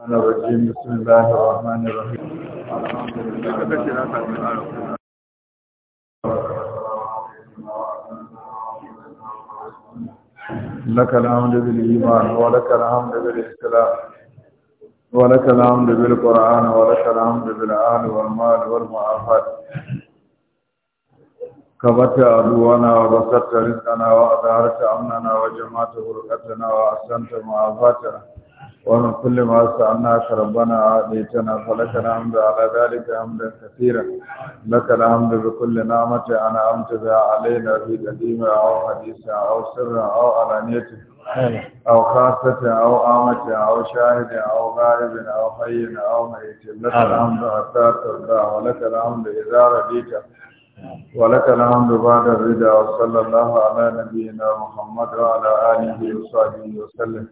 الرحمن الرجيم بسم الله الرحمن الرحيم لك الحمد بالإيمان ولك الحمد بالإسلام ولك الحمد بالقرآن ولك الحمد بالآل والمال والمعافات كبت عدونا وبسطت رزقنا وأظهرت أمننا وجمعت بركتنا وأحسنت معافاتنا ومن كل ما سألناك ربنا عاديتنا فلك الحمد على ذلك حمدا كثيرا لك الحمد بكل نعمة أنا أمتبع علينا في قديمة أو حديثة أو سر أو علانية أو خاصة أو عامة أو شاهد أو غائب أو حي أو ميت لك الحمد حتى ترضى ولك الحمد إذا رضيت ولك الحمد بعد الرضا وصلى الله على نبينا محمد وعلى آله وصحبه وسلم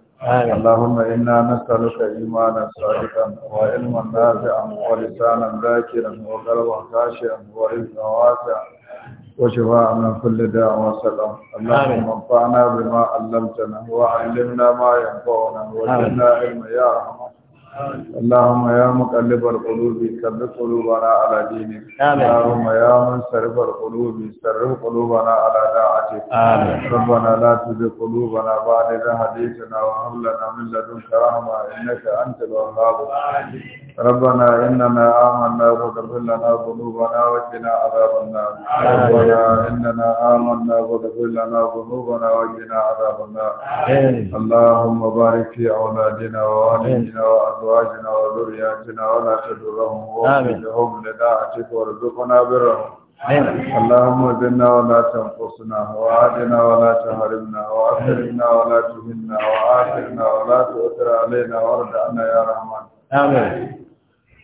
اللهم إنا نسألك إيمانا صادقا وعلما نافعا ولسانا ذاكرا وقلبا خاشعا ورزقا واسعا وشفاء من كل داء وسلام اللهم انفعنا بما علمتنا وعلمنا ما ينفعنا وزدنا علما يا رحمن اللهم يا مقلب القلوب ثبت قلوبنا على دينك اللهم يا منصرف القلوب صرف قلوبنا على طاعتك ربنا لا تزغ قلوبنا بعد إذ هديتنا وهب لنا من لدنك رحمة إنك أنت الوهاب ربنا إننا آمنا فاغفر لنا ذنوبنا وجنا عذاب النار ربنا إننا آمنا فاغفر لنا ذنوبنا وجنا عذاب النار اللهم بارك في أولادنا ووالدنا وأزواجنا وذرياتنا ولا تدرهم ووفقهم لداعتك وارزقنا برهم اللهم زدنا ولا تنقصنا وعادنا ولا تهرمنا وأكرمنا ولا تهنا وعافنا ولا تؤثر علينا وارض عنا يا رحمن آمين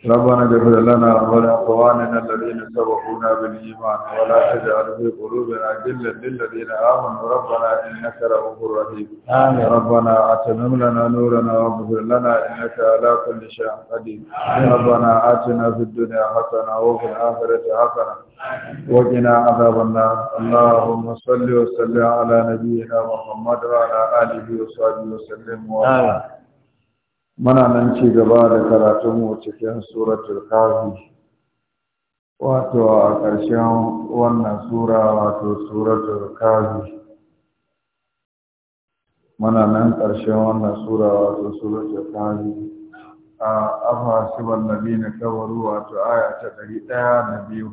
ربنا اغفر لنا ولاخواننا الذين سبقونا بالايمان ولا تجعل في قلوبنا غلا للذين امنوا ربنا انك رؤوف رحيم امين ربنا اتمم لنا نورنا واغفر لنا انك على كل شيء قدير ربنا اتنا في الدنيا حسنه وفي الاخره حسنه وقنا عذاب النار اللهم صل وسلم على نبينا محمد وعلى اله وصحبه وسلم وبارك muna nan ci gaba da karatunmu cikin suratul kafi wato a ƙarshen wannan sura wato suratul kafi muna nan ƙarshen wannan sura wato suratul kafi a afa siban nabi na kabaru wato aya ta ɗari ɗaya da biyu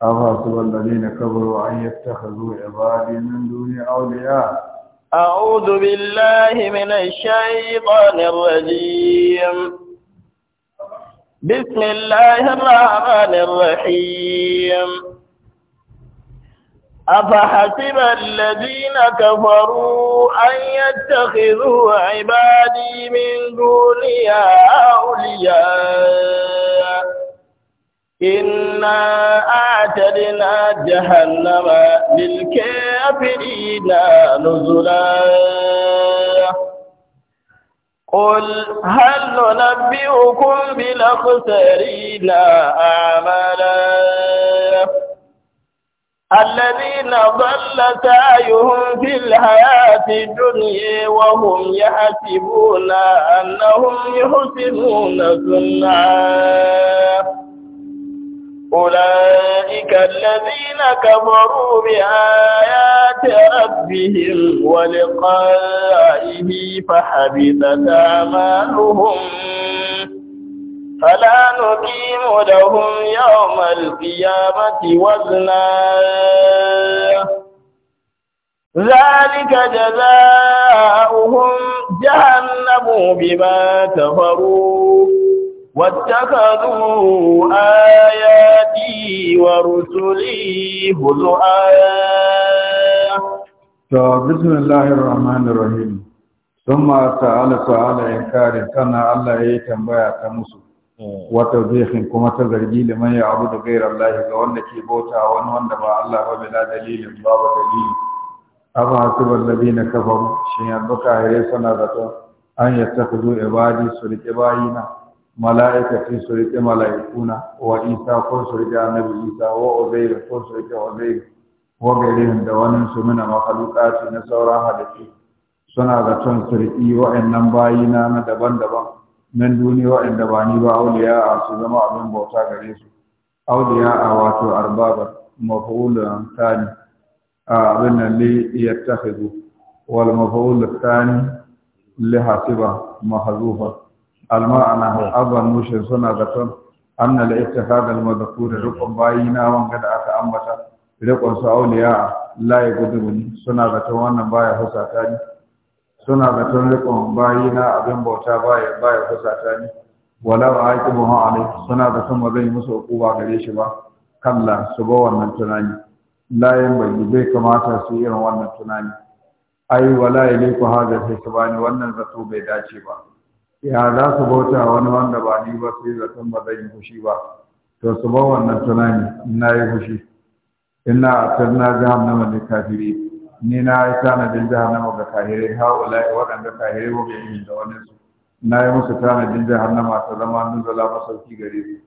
afa siban nabi na kabaru an yi yattaka zuwa ibadi min duniya auliya أعوذ بالله من الشيطان الرجيم بسم الله الرحمن الرحيم أفحسب الذين كفروا أن يتخذوا عبادي من دوني أولياء إنا أعتدنا جهنم للكافرين نزلا قل هل ننبئكم بالأخسرين أعمالا الذين ضل سعيهم في الحياة الدنيا وهم يحسبون أنهم يحسنون صنعا أولئك الذين كفروا بآيات ربهم ولقائه فحبثت أعمالهم فلا نقيم لهم يوم القيامة وزنا ذلك جزاؤهم جهنم بما كفروا Waɗakamu a yayi ni wa rusuli huɗu aya. Tawabinsu bin Lahira wa Amani Rahim, don mahatsa alifu a al'adun ƙarin, Allah ya yi tambaya ta musu. Wata jirgin kuma tagarji da manya a Abdullahi Gairab ga wanda ke bota wani wanda ba Allah ba bai na dalilin, babu dalili Haba haske ban labin da ta faru. Shin ya nuka a hira suna da ta? Hanyar ta ibadi su rike bayina. mala'ikati su rike mala'ikuna wa isa ko su rike annabi isa wa uzair ko su rike uzair wa gairihin da wani su mina ce na sauran halittu suna zaton su riki wa'annan bayina na daban-daban nan duniya wa'anda ba ni ba auliya a su zama abin bauta gare su auliya a wato arbabar mafulun tani a abin nan li yattakhidhu wal mafulun tani li hasiba mahzufa alma'ana abban mushin suna zaton annal ittihad al-madhkur rukun bayina wanga da aka ambata rukun su auliya la yagudu suna zaton wannan baya husata ni suna zaton rukun bayina abin bauta baya baya husata ni wala aqibuha alai suna zaton ba zai musu hukuma gare shi ba kalla su ba wannan tunani layan bai bai kamata su irin wannan tunani ai wala yaliku hadha hisbani wannan zato bai dace ba ya za su bauta wani wanda ba ni ba sai zaton ba zan yi fushi ba to su ba wannan tunani na yi fushi ina a tarna jahannama ne kafiri ni na yi tanadin jahannama ga kahirai haula waɗanda kahirai wa bai yi da wani su na yi musu tanadin jahannama ta zama nuzula masauki gare su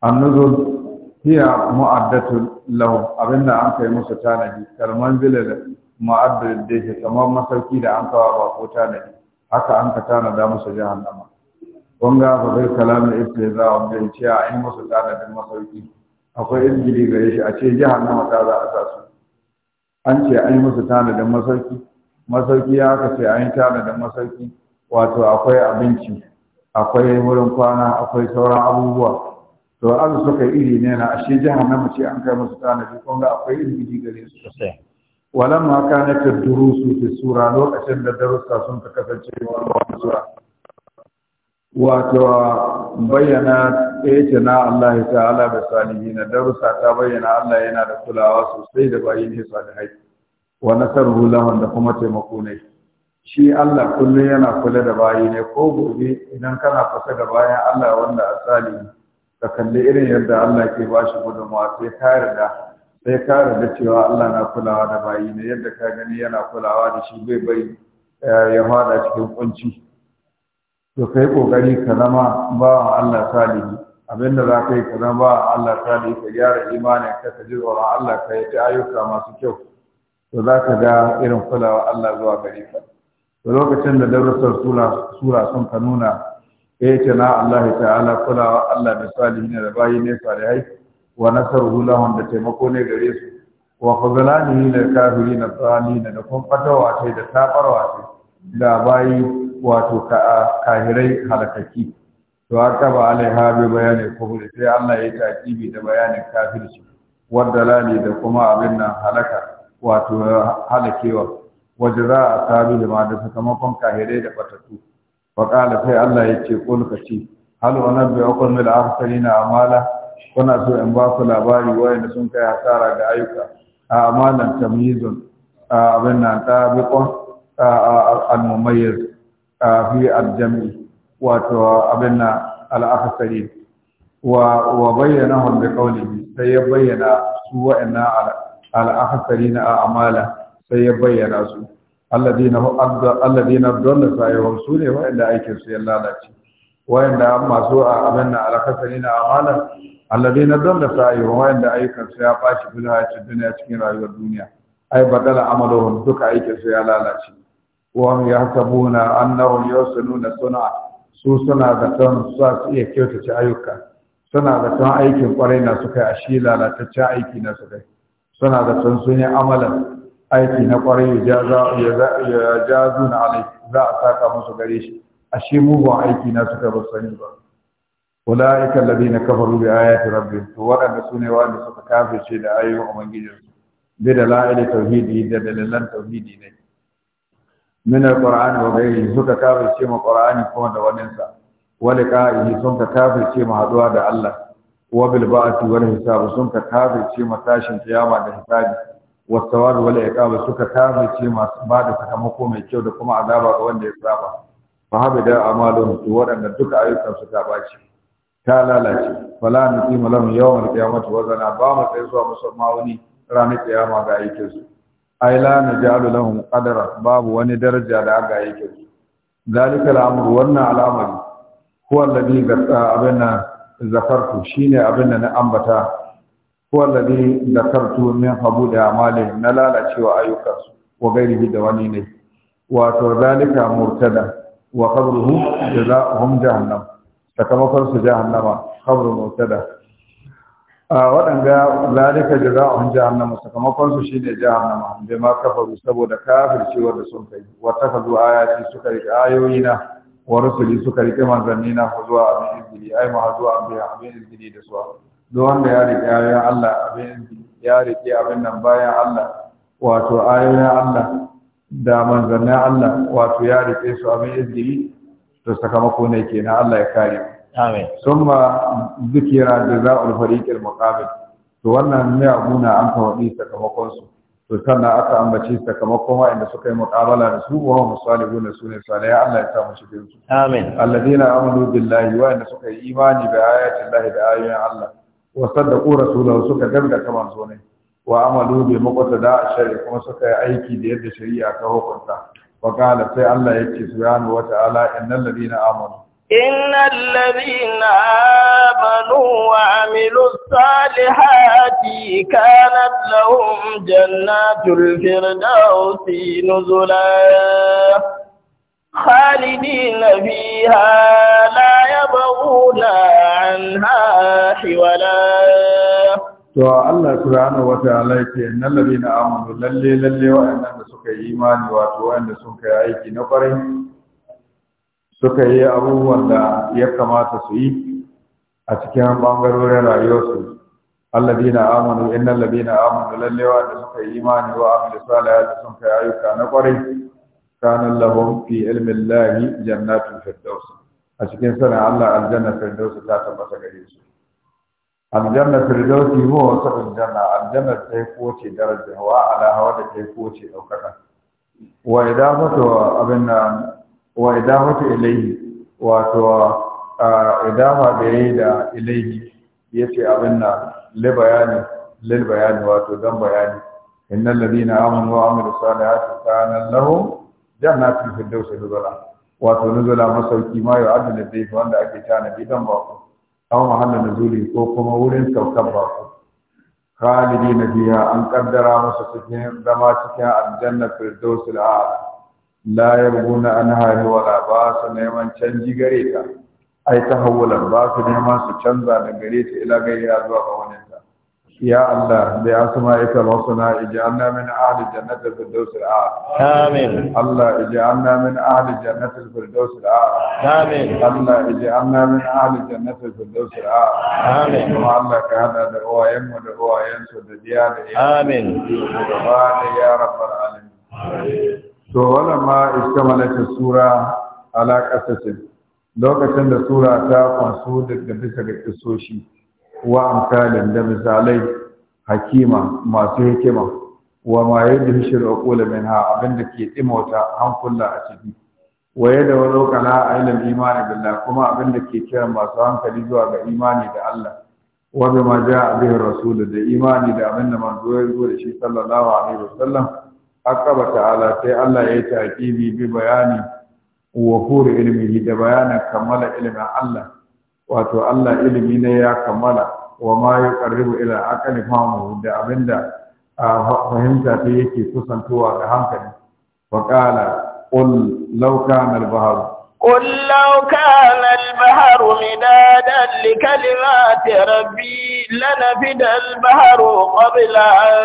annuzul hiya mu'addatu abin abinda an kai musu tanadi kalman zilal mu'addatu da kamar masauki da an kawo ba ko tanadi haka an ka tanada musu jahannama kun ga ba zai kalamin za a wajen ce a yi musu tanadin masauki akwai izgiri gare shi a ce jahannama ta za a sa su an ce an yi musu tanadin masauki masauki ya haka ce an yi tanadin masauki wato akwai abinci akwai wurin kwana akwai sauran abubuwa to an suka iri ne na ashe nama ce an kai musu tanadi kun ga akwai izgiri gare su sosai walamma kanat ad-durusu fi sura lokacin da darussa sun ta kasance wannan sura wato bayyana na Allah ta'ala da salihina darussa ta bayyana Allah yana da kulawa sosai da bayin da salihai wa nasaruhu lahum da kuma taimako ne shi Allah kullum yana kula da bayi ne ko gobe idan kana fasa da bayan Allah wanda a salihi ka kalli irin yadda Allah ke bashi gudunmawa sai ka yarda sai ka da cewa Allah na kulawa da bayi ne yadda ka gani yana kulawa da shi bai bai eh, ya fada cikin kunci to kai kokari ka zama ba Allah salihi abinda za ka yi ka zama ba Allah salihi ka gyara imanin ka ka ji tsoron Allah ka yi ta ayyuka masu kyau to za ka ga irin kulawa Allah zuwa gare ka to lokacin da darussan sura sun ka nuna ya eh, ce na Allah ta'ala kulawa Allah da salihi ne da bayi ne salihai wa nasaruhu lahum da taimako ne gare su wa khazalanihi lil kafirin adh da kun fatawa sai da tabarwa sai da bayi wato kahirai halakaki to aka ba alaiha bayani ko kufri sai Allah ya bi da bayanin kafirci wadda da kuma abin nan halaka wato halakewa wajen za a sami da da sakamakon kahirai da fatattu faƙala sai Allah ya ce ko lokaci hal wa nabbi akon mil arsalina amala kuna so in ba ku labari wayanda sun kai hasara ga ayyuka a amalan tamyizun abin nan tabiqun al-mumayyiz fi al-jami wato abin nan al-akhsari wa wa bayyanahum bi qawlihi sai ya bayyana su wa'anna al-akhsarina na amala sai ya bayyana su alladina alladina dalla sayyahum su ne wa'anda aikin su ya lalace wa'anda masu a abin nan al na amala alladai na don da sa'ayi wa da ayyukansu ya bashi fi hayacin duniya cikin rayuwar duniya ai badala amalahum duka aikinsu ya lalace wa hum ya annahum yusinnuna sun'a su suna da san sa su iya kyautace ayyuka suna da san aikin kwarai na suka yi ashi lalataccen aiki na suka suna da san sun yi amalan aiki na kwarai ya jazu na alai za a saka musu gare shi ashe mugun aiki na suka ba sani ba ulaika alladhina kafaru bi ayati rabbihim to waɗanda sune waɗanda suka kafirce da ayoyin ubangijin su bi dalail tauhidi da dalilan tauhidi ne min alqur'ani wa ghairihi suka kafirce ma qur'ani kuma da wannan sa wani ka'ihi sun kafirce ma haduwa da Allah wa bil ba'ati wal hisab sun kafirce ma tashin kiyama da hisabi wa thawab wal iqab suka kafirce ma ba sakamako mai kyau da kuma azaba ga wanda ya saba fa habida amalun waɗanda duka ayyukan su ta baci ta lalace fala nuqimu lahum yawmal qiyamati wazana ba mu sai zuwa musamman wani ranar kiyama ga aikin su ai najalu lahum qadara babu wani daraja da ga aikin su zalika al'amru wannan al'amari huwa alladhi gasa abinna zakartu shine abinda na ambata huwa alladhi zakartu min habudi amali na lalacewa ayyukan su wa gairihi da wani ne wato zalika murtada wa qabruhu jahar jahannam sakamakon su jahannama khabru mutada a waɗanda lalika zalika jaza'un jahannama sakamakon su shine jahannama bai ma kafaru saboda kafircewar da sun kai wa tafazu ayati suka rike ayoyina wa rusuli suka rike manzannina zuwa abin izini ai ma zuwa abin abin izini da su duk wanda ya rike ayoyin Allah abin ya rike abin nan bayan Allah wato ayoyin Allah da manzannin Allah wato ya rike su abin izini da sakamako ne kenan Allah ya kare amin summa zikira jazaa'ul fariqil muqabil to wannan ne abuna an faɗi sakamakon su to sannan aka ambace sakamakon wa'anda suka yi muqabala da su wa musalihuna sunan salih Allah ya sa mu cikin su amin alladina amanu billahi wa'anda suka yi imani da ayatin Allah da ayoyin Allah wa saddaqu rasulahu suka gaskata manzo ne wa amalu bi muqtada shari'a kuma suka yi aiki da yadda shari'a ta hukunta وقال سي الله يكي سبحانه وتعالى إن الذين آمنوا إن الذين آمنوا وعملوا الصالحات كانت لهم جنات الفردوس نزلا خالدين فيها لا يبغون عنها حولا to Allah subhanahu wataala yake innal ladina amanu lalle lalle wa'annan da suka yi imani wato wanda suka yi aiki na kwarai suka yi abubuwan da ya kamata su yi a cikin bangarorin rayuwarsu dina amanu innal ladina amanu lalle wa'anda suka yi imani wa amilu salihati sun kai ayyuka na kwarai kana lahum fi ilmi llahi jannatul firdaus a cikin sanin Allah aljanna firdaus ta tabbata gare su aljanna firdausi huwa wasu janna aljanna ta yi kowace daraja wa ala hawa da ta yi kowace ɗaukaka wa idafatu abin na wa idafatu ilaihi wato idafa da yi da ilaihi yace abin na libayani lilbayani wato dan bayani innal ladina amanu wa amilu salihati kana lahum jannatul firdausi nuzula wato nuzula masauki ma yu'addu lidayf wanda ake tana bidan bako aw mahallan nuzuli ko kuma wurin saukar baƙo khalidi na biya an kaddara musu cikin zama cikin aljanna firdaus al'ala la yabghuna anha wala ba su neman canji gare ta ai tahawulan ba su neman su canza da gare ta ila gaira zuwa ga wani يا الله بأسمائك الحسنى اجعلنا من أهل جنة الفردوس الأعلى آمين الله اجعلنا من أهل جنة الفردوس الأعلى آمين الله اجعلنا من أهل جنة الفردوس الأعلى آمين الله كهذا دعوة يم ودعوة ينسو دجيان آمين يا رب العالمين to ma iskamalata sura ala kasasin lokacin da sura ta kwaso daga bisa ga kisoshi wa amsalin da misalai hakima masu hikima wa ma yadda shir'aqul minha abinda ke dimauta hankula a ciki wa yadda wa lokala ailal imani billah kuma abinda ke kiran masu hankali zuwa ga imani da Allah wa bima jaa bihi rasul da imani da abinda manzo ya zo da shi sallallahu alaihi wasallam akaba ta'ala sai Allah ya yi taqibi bi bayani wa furu ilmihi da bayanin kammala ilmin Allah wato Allah ilimi ne ya kammala wa ma yuqarribu ila aqli fahmu da abinda a fahimta ta yake kusantowa ga hankali wa qala qul law kana al-bahr qul law kana midadan li kalimati rabbi lanafida da bahr qabla an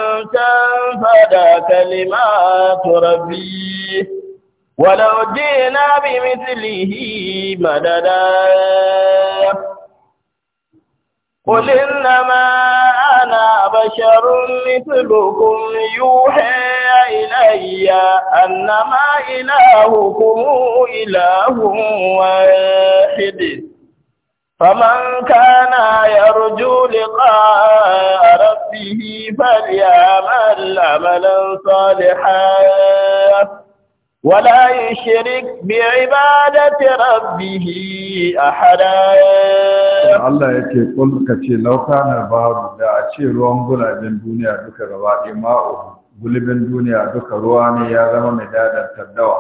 rabbi ولو جئنا بمثله مددا قل إنما أنا بشر مثلكم يوحي إلي أنما إلهكم إله واحد فمن كان يرجو لقاء ربه فليعمل عملا صالحا ولا يشرك بعبادة ربه أحدا Allah ya ce kul ka ce lauka na babu da a ce ruwan gulabin duniya duka gaba ɗaya ma'o gulbin duniya duka ruwa ne ya zama mai dadar taddawa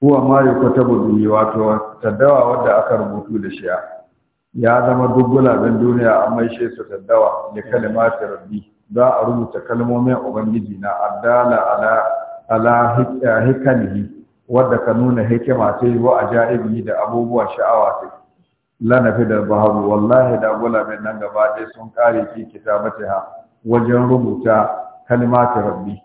kuwa ma yi kwata buduyi wato taddawa wadda aka rubutu da shi ya zama duk gulabin duniya an mai shi su taddawa da kalimatin rabbi za a rubuta kalmomin ubangiji na addala ala ala eh, hikamihi wadda ka nuna hikima ta yi wa ajaibi da abubuwan sha'awa ta lanafi da baharu wallahi da gulamin nan gaba ɗaya sun kare ki ha, wajen rubuta kalmata rabbi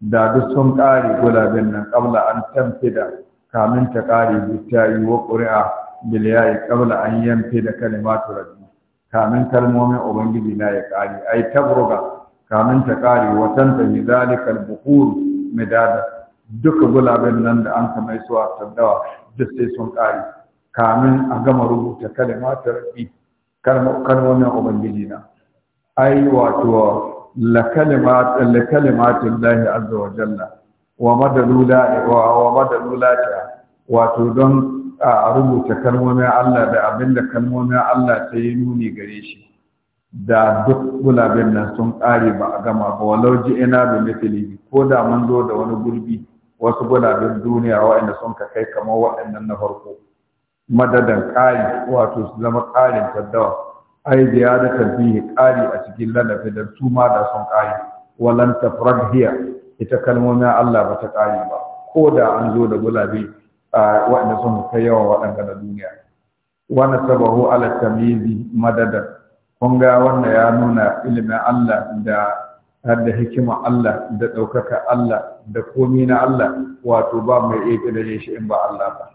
da duk sun kare gulaben nan kabla an tamfida kamin ta kare littayi wa ƙuri'a biliyayi kabla an yamfi da kalmatu rabbi kamin kalmomin ubangiji na ya kare ai tabruga kamin ta kare watan ta hizalikal bukhuru medada duka gulaben nan da an kama su a taddawa duk sai sun kare kamin a gama rubuta kalma ta rabbi kalmomin ubangiji na ai wato la kalimat la kalimatin lahi azza wa jalla wa la wa la ta wato don a rubuta kalmomin Allah da abinda kalmomin Allah ta yi nuni gare shi da duk gulaben nan sun ƙare ba a gama ba walau ji ina bi mithlihi ko da mun zo da wani gurbi wasu gulaben duniya waanda sun ka kai kamar wa'annan na farko madadan ƙari wato su zama ƙarin taddawa ai da ya da tabbihi ƙari a cikin lalafi da su ma da sun ƙari walan tafrad hiya ita kalmomin Allah ba ta ƙari ba ko da an zo da gulabe waɗanda sun kai yawan waɗanda na duniya wani sabahu ala tamizi madadan kun ga wannan ya nuna ilimin Allah da har da hikima Allah da ɗaukaka Allah da komi na Allah wato ba mai iya ƙidare shi in ba Allah ba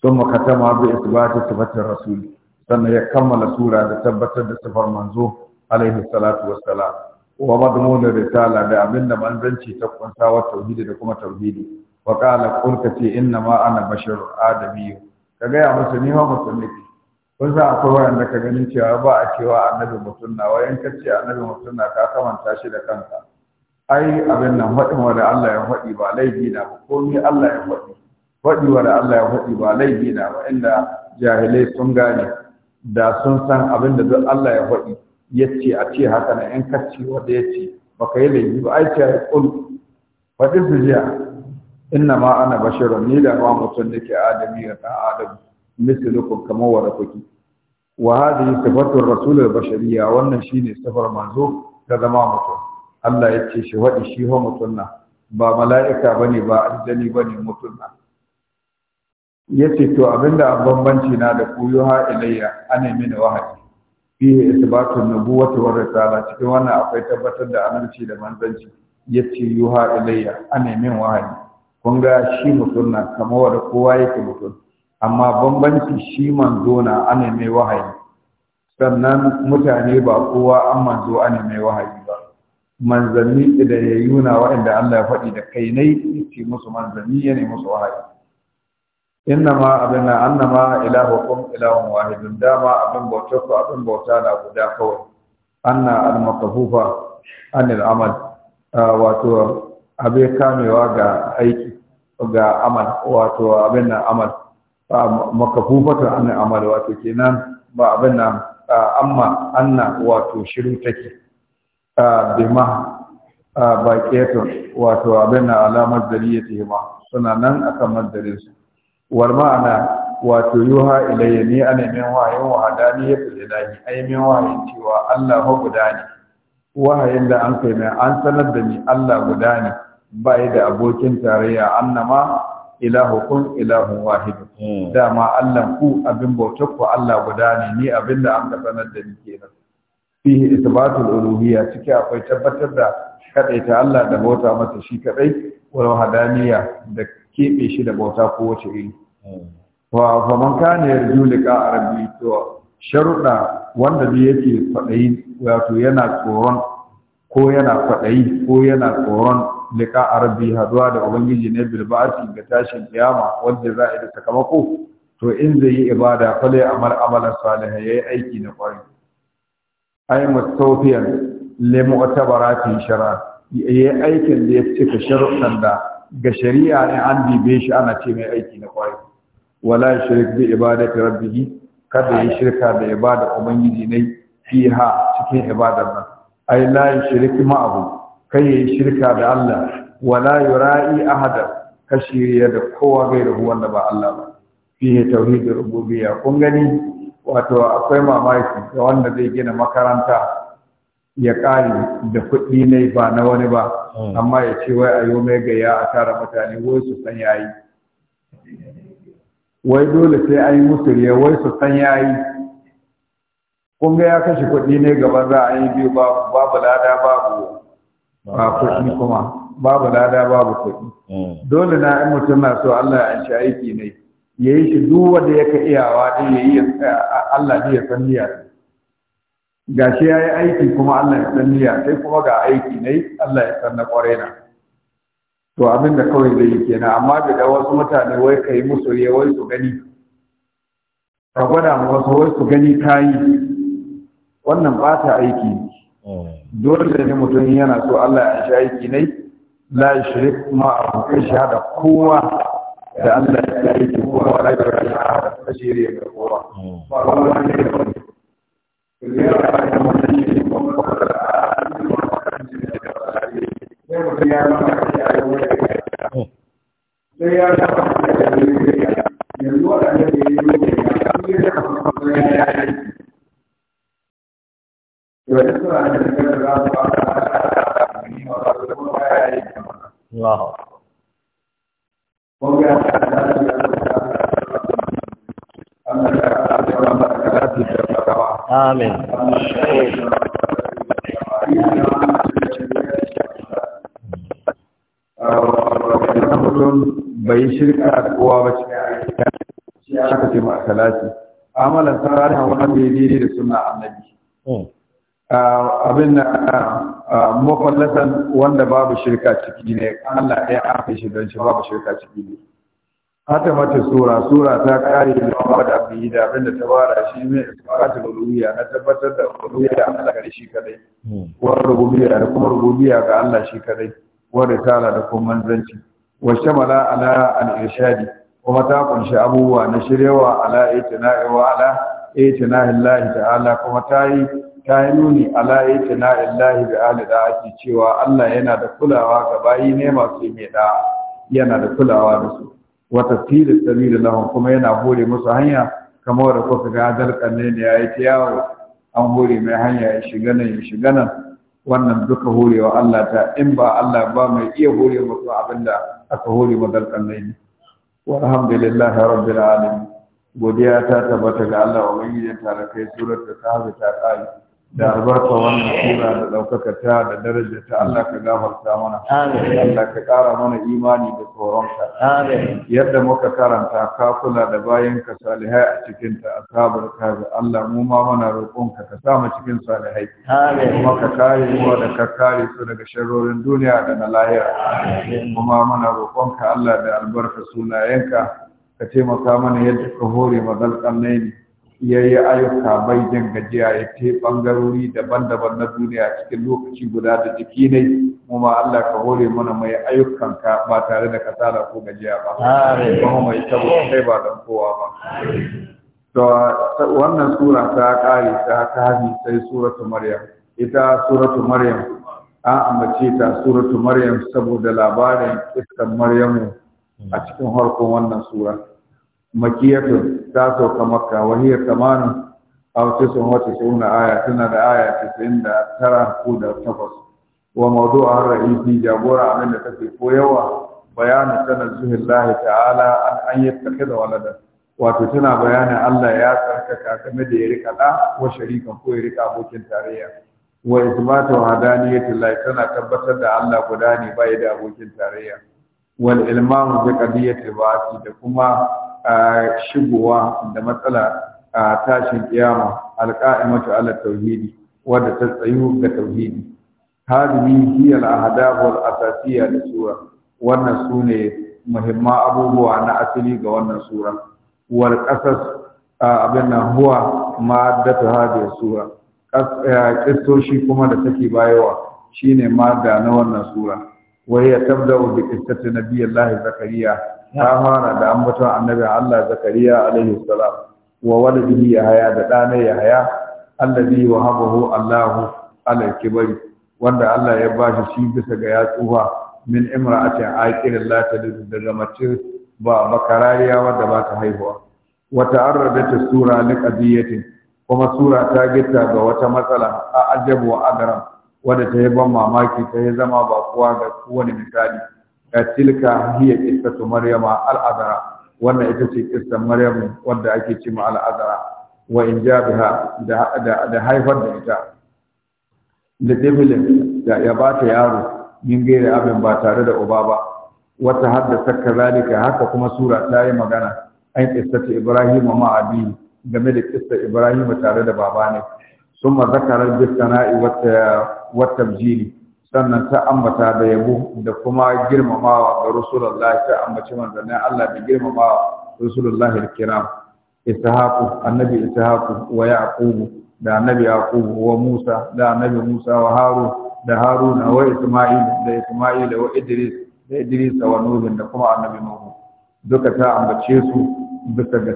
sun makatama bi isbati sifatin rasul sannan ya kammala sura da tabbatar da sifar manzo alaihi salatu wassalam wa madmunar risala da abinda manzanci ta kunsa wa tauhidi da kuma tauhidi wa qala qul ka ce inna ma ana basharun adamiyyu kaga ya musu ni musulmi kun san akwai wanda ka ganin cewa ba a cewa annabi mutum na wayan ka ce annabi mutum na ka kamanta shi da kanka ai abin nan faɗin wa da Allah ya faɗi ba laifi na ba komai Allah ya faɗi faɗi wa da Allah ya faɗi ba laifi na ba inda jahilai sun gane da sun san abin da duk Allah ya faɗi ce a ce haka na in kacci wanda ya ce ba ka yi laifi ba ai ce kul faɗin su jiya inna ma ana basharun ni da ma mutum nake adami da ɗan adam mislukum kamar wa kuke wa hadhihi sifatu ar-rasul al-bashariyya wannan shine sifar manzo ta zama mutum Allah ya ce shi wadi shi ho mutum ba mala'ika bane ba aljani bane mutum na yace to abinda bambanci na da ku yuha ilayya ana mini wahayi fihi isbatun nubuwati wa risala cikin wannan akwai tabbatar da annabci da manzanci yace yuha ilayya ana min wahayi kun ga shi mutum kamar wanda kowa yake mutum amma bambanci shi manzo na ana mai wahayi sannan mutane ba kowa an manzo ana mai wahayi ba manzanni da ya yuna waɗanda Allah ya faɗi da kai nai ce musu manzanni ya ne musu wahayi innama abinna annama ilahukum ilahun wahidun dama abin bauta ku abin bauta na guda kawai anna al-makafufa anil amal wato abin kamewa ga aiki ga amal wato abin nan amal Ah, makafufatar an amal wato kenan ba abin nan ah, amma anna wato shiru take ah, bima baƙetun wato abin na alamar ta ma suna nan akan su war ma'ana wato yuha ilayya ni ana min wahayin wahadani ya fi ilahi ai min wahayin cewa Allah ma guda ne wahayin da an kai mai an sanar da ni Allah guda ne ba da abokin tarayya annama ilahukun ilahun wahidu hmm. dama Allah ku abin bautar ku Allah guda ne ni abinda da an sanar da ni kenan fihi isbatul uluhiyya ciki akwai tabbatar da kadaita Allah da bauta masa shi kadai wa hadaniya da kebe shi da bauta ko wace iri hmm. wa fa man kana yarju liqa rabbi to sharuda wanda bi yake fadai wato yana tsoron ko yana kwaɗayi ko yana tsoron liqa arabi haduwa da ubangiji ne bil ba'ati ga tashin kiyama wanda za a yi sakamako to in zai yi ibada fa dai amal amalan salih ya yi aiki na kwari ay mustawfiyan li mu'tabarati shar'a yi aikin da ya cika sharuɗan da ga shari'a ne an dibe shi ana ce mai aiki na kwari wala shirk bi ibadati rabbih kada yi shirka da ibada ubangiji ne fiha cikin ibadar nan ai la shirki ma abu kai yi shirka da Allah wala yura'i ahada kashiriya da kowa bai da wanda ba Allah ba fihi tauhidur rububiyya kun gani wato akwai mamaki Da wanda zai gina makaranta ya kare da kuɗi ne ba na wani ba hmm. amma ya ce wai a yi mai gaya a tara mutane wai su san yayi wai dole sai an yi musu riya wai su san yayi kun ga ya kashe kuɗi ne gaban za a yi biyu babu babu lada babu ba kuɗi kuma babu lada babu kuɗi dole na in mutum na so Allah ya shi aiki ne ya yi shi duk wanda ya ka iyawa da ya yi Allah ya san niyya ga shi ya yi aiki kuma Allah ya san niyya sai kuma ga aiki ne Allah ya san na kwarai na to abin da kawai zai yi kenan amma da wasu mutane wai ka yi musu ya wai su gani ka gwada ma wasu wai su gani yi. wannan ba ta aiki dole ne mutum yana so Allah ya shi aiki ne la shirik ma abokai shahada kowa da Allah ya shi aiki kowa da ya shi shahada ta shirya kowa ne da wani yanzu waɗanda da ya yi ya الله آمين bai shirka da kowa ba shi aka ce ma salati amalan sararin wanda ya daidai da suna annabi Ah, abin na ah, mafallasan wanda babu shirka ciki ne Allah ya aka shi don shi babu shirka ciki ne hata mace sura sura ta kare da ba da abin da abin da tabara shi ne isbatul uluhiyya na tabbatar da uluhiyya da Allah gare shi kadai hmm. wa rububiyya da kuma rububiyya ga Allah shi kadai wa risala da kuma manzanci wa shamala ala al-irshadi kuma ta kunshi abubuwa na shirewa ala itina'i wa ala itina'i Allah ta'ala kuma ta yi ta yi nuni a yake na illahi bi ali da ake cewa Allah yana da kulawa ga bayi ne masu mai da yana da kulawa da su wata fili sabili lahun kuma yana hore musu hanya kamar da kuka ga dalkan ne ya yi ta yawo an hore mai hanya ya shiga nan ya shiga nan wannan duka horewa Allah ta in ba Allah ba mai iya hore musu abinda aka hore mu dalkan ne walhamdulillahi rabbil alamin godiya ta tabbata ga Allah wa mai yin tare kai surar ta ta ta ƙari da albarka wannan sura da ɗaukaka ta da daraja ta Allah ka gafarta mana Allah ka ƙara mana imani da tsoronka yadda muka karanta ka kula da bayan ka salihai a cikin ta asabar ga Allah mu ma mana roƙonka ka sa mu cikin salihai kuma ka kare mu da ka kare su daga sharrorin duniya da na lahira kuma mana roƙonka Allah da albarka sunayenka ka taimaka mana yadda ka hore mazalƙan naini ya yi ayyuka bai jin gajiya ya ta ɓangarori daban-daban na duniya cikin lokaci guda da jiki ne kuma Allah ka hore mana mai ayyukan ka ba tare da kasala ko gajiya ba kuma mai tabo kai ba da kowa ba to wannan sura ta kare ta kafi sai suratu maryam ita suratu maryam an ambace ta suratu maryam saboda labarin iskan maryamu a cikin harkon wannan sura Makiyatu ta sauka makka wahiyar tamanin aw tisun wa tisuna aya tana da aya tisin da tara ko da takwas wa mawdu'a ra'isi jagora abin da take koyawa bayanu tanazzuhin lahi ta'ala an an yattakhidha walada wato tana bayanin Allah ya tsarkaka game da ya rika da ko sharikan ko ya rika abokin tarayya wa isbatu hadaniyati tana tabbatar da Allah guda ne bai da abokin tarayya wal ilmamu bi ta ba'thi da kuma shigowa da matsala tashin kiyama alqa'imatu ala tauhidi wanda ta tsayu ga tauhidi hadhihi hiya al ahdafu al asasiyya li sura wannan sune muhimman abubuwa na asali ga wannan sura wal qasas abin nan huwa maddatu hadhihi sura kistoshi kuma da take bayowa shine madda na wannan sura وهي تبدأ بقصة نبي الله زكريا فأمانا لأمة النبي الله زكريا عليه السلام وولده يحيى دانا يحيى الذي وهبه الله على الكبر وأن الله يباشي شيء بسجاياتها من امرأة عاقر لا تلد دغمته بكراريا ودبات هيهوه وتعرضت السورة لقضية وما سورة تاجتها وتمثلها أعجب وأغرب wadda ta yi ban mamaki ta yi zama ba kowa ga kowane misali ga tilka hiya qissatu maryama al'azara wannan ita ce qissar maryamu wadda ake ce ma al'azara wa injabiha da da da haifar da ita da dibilin da ya ba ta yaro min gaira abin ba tare da uba ba wata haddasa kazalika haka kuma sura ta yi magana an qissatu Ibrahim ma abi game da qissar ibrahima tare da baba ne ثم ذكر بالثناء wa tabjili sannan ta ambata da yabo da kuma girmamawa ga rasulullah ta ambaci manzannin Allah da girmamawa rasulullah al-kiram ishaqu annabi ishaqu wa yaqub da annabi yaqub wa musa da annabi musa wa haruna wa isma'il da isma'il wa idris da idris wa nuh da kuma annabi nuh duka ta ambace su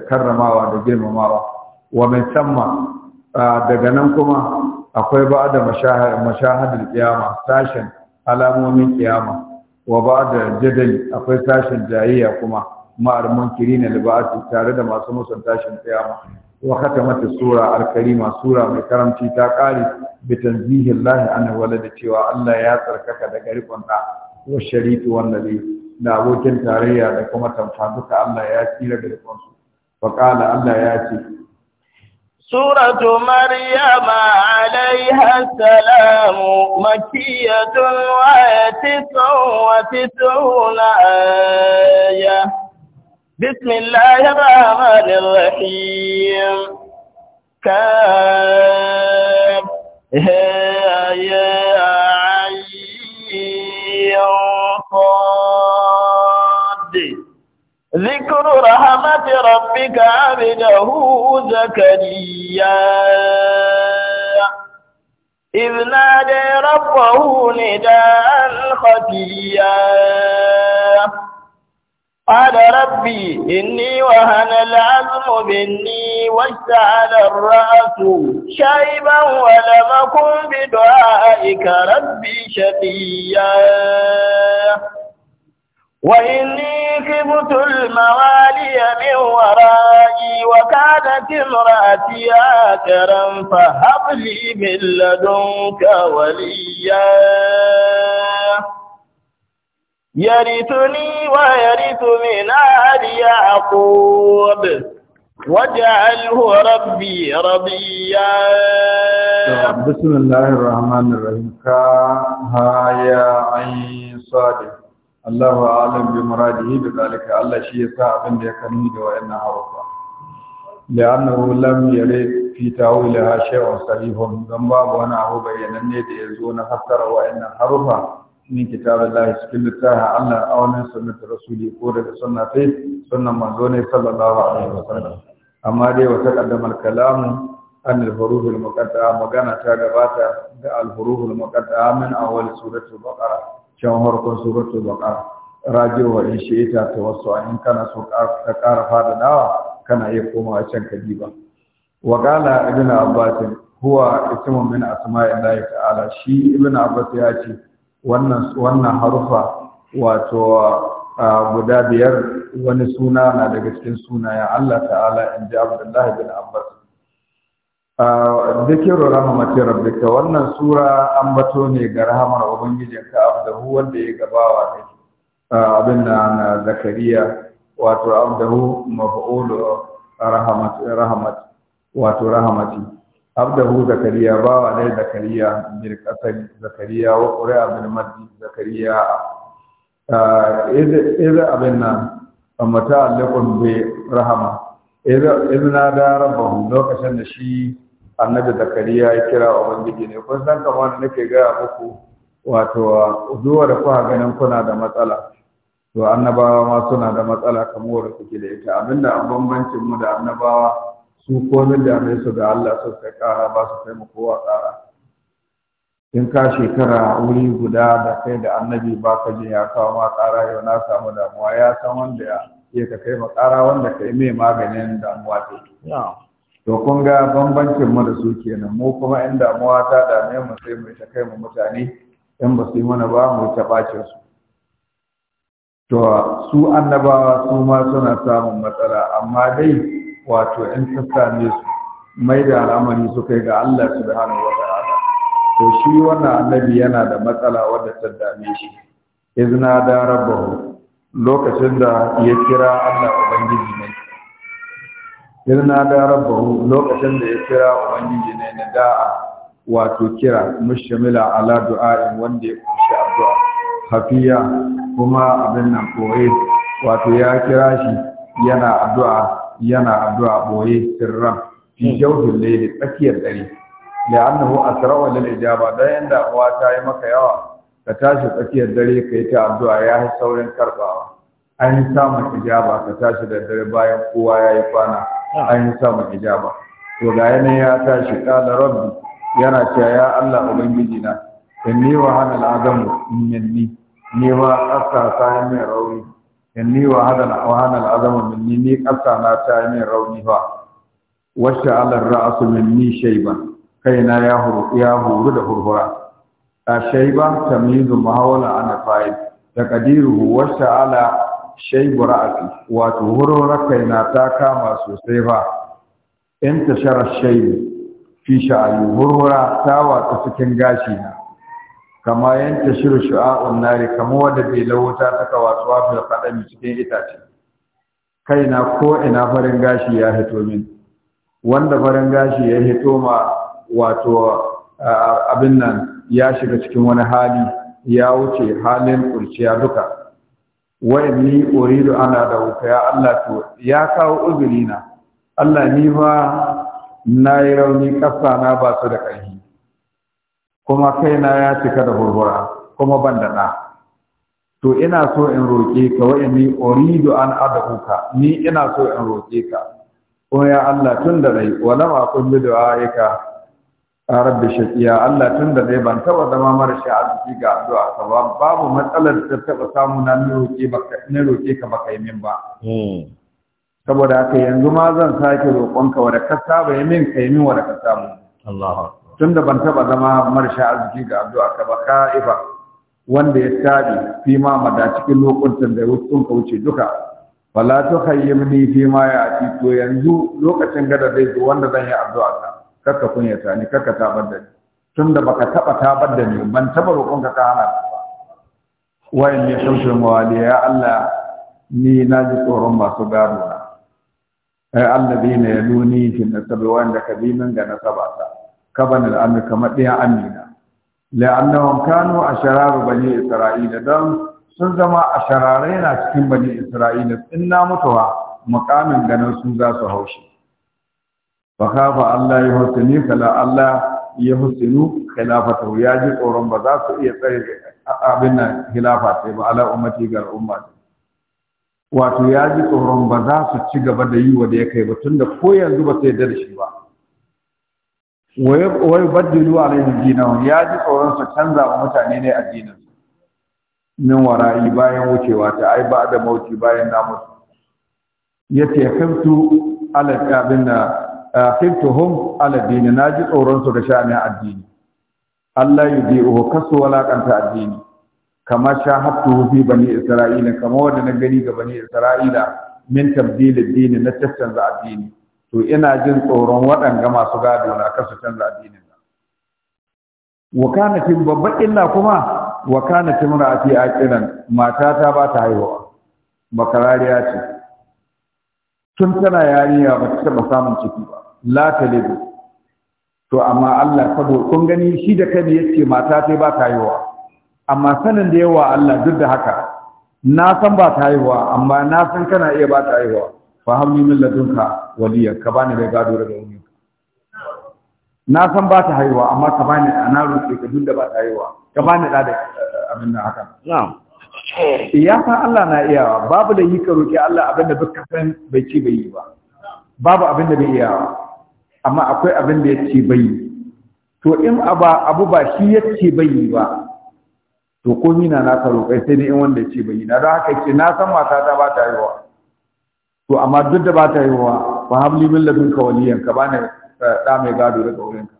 karramawa da girmamawa wa daga nan kuma akwai ba da mashahadar kiyama sashen alamomin kiyama wa ba da akwai sashen jayayya kuma ma'ar munkiri na liba'ati tare da masu musan tashin kiyama wa khatamata sura alkarima sura mai karamci ta kare bi tanzihin lahi an da cewa Allah ya tsarkaka daga rikon da wa sharifi wannan da abokin tarayya da kuma tamfa Allah ya tsira da rikon su fa Allah ya ce سورة مريم عليها السلام مكية وتسع وتسعون آية بسم الله الرحمن الرحيم كاف هي ذكر رحمة ربك عبده زكريا إذ نادى ربه نداء خفيا قال ربي إني وهن العزم مني واشتعل الرأس شيبا ولم أكن بدعائك ربي شقيا وإني كبت الموالي من ورائي وكانت امرأتي آكرا فهب لي من لدنك وليا يرثني ويرث من آل يعقوب واجعله ربي رضيا بسم الله الرحمن الرحيم كا هايا عين صادق Allah wa alam bi muradihi bi Allah shi ya sa abin da ya kani da wayannan harufa la'annahu lam yare fi ta'wilha shay'un sarihun dan babu wani abu bayyananne da ya zo na fassara wayannan harufa min Lahi cikin littafin Allah awanin sunnatar rasuli ko daga sunnatai sunnan manzo ne sallallahu amma dai wata kaddamar kalamu an al-huruf al magana ta gabata da al-huruf al-muqaddama min awwal suratul baqara can harkon suratul baqara rajiyo wa in shi'ita in kana so ka ƙara fadadawa kana iya komawa can ka diba wa qala ibn abbas huwa ismun min asma'illahi ta'ala shi ibn abbas ya ce wannan wannan harfa wato guda biyar wani suna na daga cikin sunayen Allah ta'ala in Abdullahi bin Abbas zikiru rahmati rabbika wannan sura an bato ne ga rahamar ubangijinka abdahu wanda ya gabawa ne abin na zakariya wato abdahu maf'ulu rahmat rahmat wato rahmati abdahu zakariya bawa ne zakariya bil qasam zakariya wa qura bil maddi zakariya idza abin nan mata alaqun bi rahma idza idza da rabbahu lokacin da shi annabi zakariya ya kira ubangiji ne kun san kamar nake gaya muku wato zuwa da kuka ganin kuna da matsala to annabawa ma suna da matsala kamar suke da ita abinda bambancin mu da annabawa su komai da mai su da Allah su kai kara ba su kai mu kowa kara in ka shekara wuri guda da kai da annabi ba ka je ya kawo ma kara yau na samu damuwa ya san wanda ya ka kai ma kara wanda kai mai maganin damuwa ce to kun ga bambancin mu da su kenan mu kuma in damuwa ta dame mu sai mu ta kai mu mutane in ba su yi mana ba mu ta bacin su to su annabawa su ma suna samun matsala amma dai wato in ta same su mai da al'amari su kai ga Allah subhanahu wa ta'ala to shi wannan annabi yana da matsala wadda ta dame shi izna da rabbahu lokacin da ya kira Allah ubangiji irna da rabbahu lokacin da ya kira ubangiji ne na da'a wato kira mushamila ala du'a'in wanda ya kunshi addu'a hafiya kuma abin nan koye wato ya kira shi yana addu'a yana addu'a boye sirran fi jawfin layli tsakiyar dare la'annahu asra'u lil ijaba dan yanda uwa ta yi maka yawa ka tashi tsakiyar dare ka yi ta addu'a ya yi saurin karɓawa an yi samun ijaba ka tashi da dare bayan kowa ya yi kwana an yi samun ijaba to ga yanayi ya tashi kala rabbi yana cewa ya Allah ubangiji na inni wa hanal adamu minni ni ma kasa ta yi min rauni inni wa wa hanal adamu minni ni kasa na ta yi min rauni fa washa ala ra'su minni shayban kaina ya huru ya huru da hurhura a shayba tamyizu mahawala ana fa'il taqdiruhu shaibu ra'asi wato rakai kaina ta kama sosai ba in ta shara shaibu fi sha'ani hurhura ta watsa cikin gashi na kama ta shiru sha'a'un nari kama wadda bai lauta ta kawatsuwa fil qadami cikin itace kaina ko ina farin gashi ya hito min wanda farin gashi ya hito ma wato abin nan ya shiga cikin wani hali ya wuce halin kurciya duka wa inni uridu ana da wuka ya Allah to ya kawo uzuri na Allah ni ba na yi rauni kafa na ba su da ƙarfi kuma kaina ya cika da burbura kuma ban da na. to ina so in roƙe ka wa inni uridu an ad'uka ni ina so in roƙe ka o ya Allah tun da rai wala ma kun bi a rabbi shaqiya Allah tun da dai ban taba zama mara arziki ga addu'a ka ba babu matsalar da taba samu na roƙe baka ka baka yi min ba hmm. saboda haka yanzu ma zan sake roƙonka wanda ka saba yi min kai min wanda ka samu Allah tun da ban taba zama marasha arziki ga addu'a ka ba ka'ifa wanda ya tabi fi ma mada cikin lokutan da ya ka wuce duka wala to kayyimni fi ma ya ci to yanzu lokacin gada zai zo wanda zan yi addu'a ka kakka kunyata ni kakka tabar da ni tunda baka taba tabar da ni ban taba roƙon ka ka hana ba Wai in ya mawali ya Allah ni na ji tsoron masu gado na ai alladina yaluni fi wanda ka bi min ga nasaba ta Ka kaban al'amri kamar ɗaya amina la'annahum kanu ashararu bani isra'ila dan sun zama ashararai na cikin bani isra'ila in na mutuwa mukamin ganin sun za su haushi fakafa Allah ya husni kala Allah ya husnu khilafata ya ji tsoron ba za su iya tsare abin nan khilafa sai ba ala ummati ga umma wato ya ji tsoron ba za su ci gaba da yi wa da ya kai ba tunda ko yanzu ba sai da shi ba wai Badilu alaihim ya ji tsoron su canza wa mutane ne addinin min wara'i bayan wucewa ta ai ba da mauti bayan na Yace ya ce haftu ala kabin da akhiftuhum ala dini naji tsoron su ga sha'anin addini Allah ya uhu kasu walakanta addini kama shahattu fi bani isra'ila kama wanda na gani ga bani isra'ila min tabdil addini na tattanza addini to ina jin tsoron waɗanga masu gado na kasu canza addini wa kana tin babban illa kuma wa kana tin ra'ati aqiran matata ba ta haihuwa bakarariya ce tun tana yariya ba ta taɓa samun ciki ba la talidu to amma Allah sabo kun gani shi da kai yace mata sai ba ta yiwa amma sanin da yawa Allah duk da haka na san ba ta yiwa amma na san kana iya ba ta yiwa fa hamni min ladunka waliya ka bani da gado daga wani na san ba ta haihuwa amma ka bani ana roƙe ka duk da ba ta haihuwa ka bani da da eh, abin nan haka na'am ya san Allah na iya. babu da yi ka roƙi Allah abin da baka san bai ci bai yi ba babu abin da bai iya amma akwai abin da ce bai to in aba abu ba shi ce bai ba to ko ni na naka roƙai sai ni in wanda ce bai na don haka ce na san mata ta ba ta yiwa to amma duk da ba ta yiwa fa hamli min ka waliyan ka ba ne eh, da mai gado daga wurinka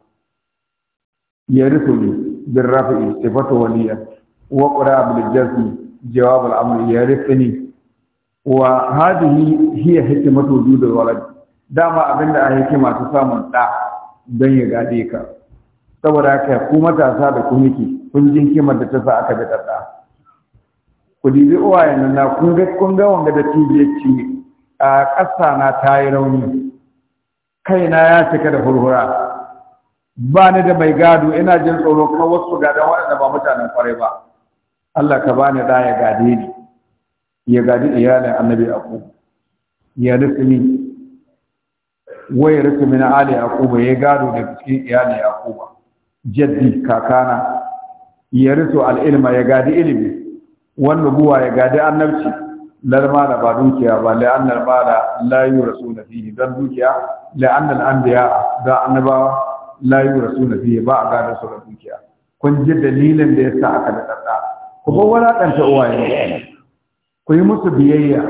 ya rufe ne bin rafi sifatu waliyan wa qura bil jazmi jawab al amr ya rufe ni wa hadhihi hiya hikmatu wujud al walad dama abin da a yake masu samun ɗa don ya gade ka saboda haka ku matasa da ku miki kun jin kimar da ta sa aka da ɗaɗa ku dibi uwayen nan na kun ga kun ga wanga da tijiyaci a ƙasa na ta yi rauni kaina ya cika da hurhura ba ni da mai gado ina jin tsoro kuma wasu gada waɗanda ba mutanen kwarai ba Allah ka bani ɗa ya gade ni ya gadi iyalin annabi Abu. ya rufe ni wai rufe min ali yakuba ya gado da cikin Iyali yakuba jaddi kakana ya rufe al'ilma ya gadi ilimi wannan buwa ya gadi annabci larma da ba dukiya ba ba da la yurasuna fihi dan dukiya la'annal anbiya da annaba la yurasuna fihi ba a gado su da dukiya kun ji dalilin da yasa aka da tsada ku ba wala uwaye ku yi musu biyayya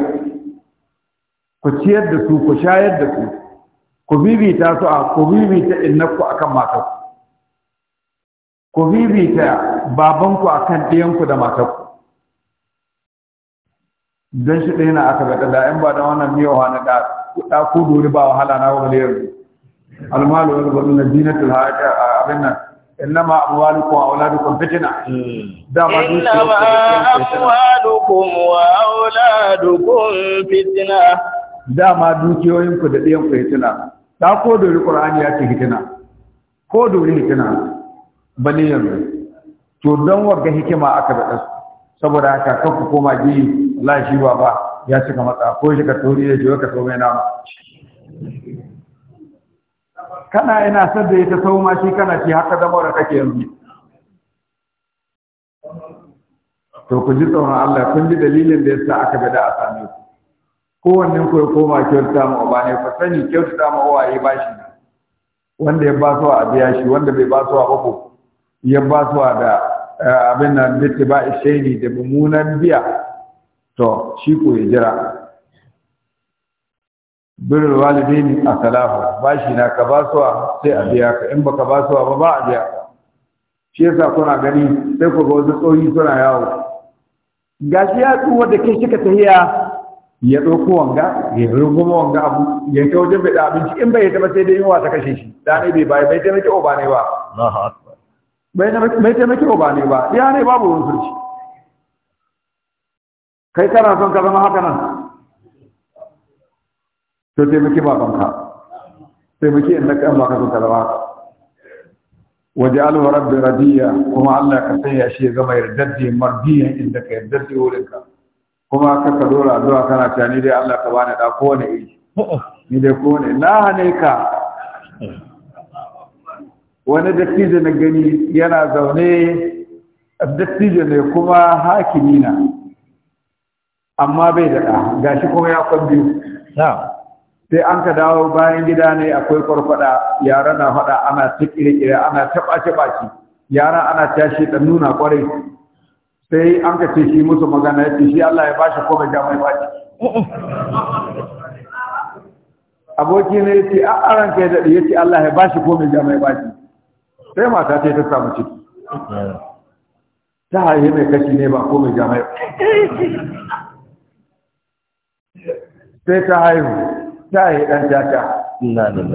ku ciyar da su ku shayar da su ku bibita su a ku bibita innakku akan matarku ku bibita babanku akan ku da ku don shi ɗaya na aka ga da 'yan ba da wannan miyawa na da kuɗa ku dole ba wahala na wani yanzu almalu wani wani na zinatul haƙa a abin nan إنما أموالكم وأولادكم فتنة إنما أموالكم وأولادكم فتنة dama dukiyoyinku da ɗiyanku ya tuna ta ko dori qur'ani ya ce hikina ko dori ba ne yanzu to don wagga hikima aka da saboda haka kan ku koma ji la ba ya cika matsa ko shi ka tori ya ce ka so mai nama kana yana sadda ya ta sau ma shi kana ci haka zama da kake yanzu to ku ji tsoron Allah kun ji dalilin da ya sa aka gada a same ku Kowanne ku ya koma kyauta ma uba ne ku sani kyautata ma uwaye yi bashi wanda ya basuwa a biya shi wanda bai basuwa a uku ya ba da eh, abin nan bitti ba ne da mummunan biya to shi ku ya jira birnin walidaini a bashi ba shi na ka basuwa sai a biya ka in baka ba ka basuwa ba ba a biya ka shi yasa kuna gani sai ku ga wasu tsohi suna yawo gashi ya tsuwa da kai shi ka tahiya ya ɗauko wanga ya runguma wanga abu ya ta wajen bai da abinci in bai taɓa sai dai yunwa ta kashe shi da ne bai bai bai taimake ne ba bai taimake oba ne ba ya ne babu wurin sulci kai kana son ka zama haka nan to taimake ka, taimake in na kan baka son ka zama haka waje alwarar da radiyya kuma Allah ka sanya shi ya zama yardadde biyan inda ka yardadde wurinka kuma kaka dora zuwa kana ta ni dai Allah ka bani da kowane iri ni dai kowane na hane ka wani dattijo na gani yana zaune dattijo ne kuma hakimi na amma bai da ɗa gashi kuma ya kwan sai an ka dawo bayan gida ne akwai kwarfada yara na faɗa ana ta ƙire ana taɓa taɓa shi yara ana tashi ɗan nuna ƙwarai sai an ka ce shi musu magana ya ce shi Allah ya bashi ko bai ja mai baki aboki ne ya a aran kai da ya Allah ya bashi ko bai ja mai bashi sai mata ce ta samu ciki ta haye mai kashi ne ba ko mai ja mai sai ta haihu ta haihe inna caca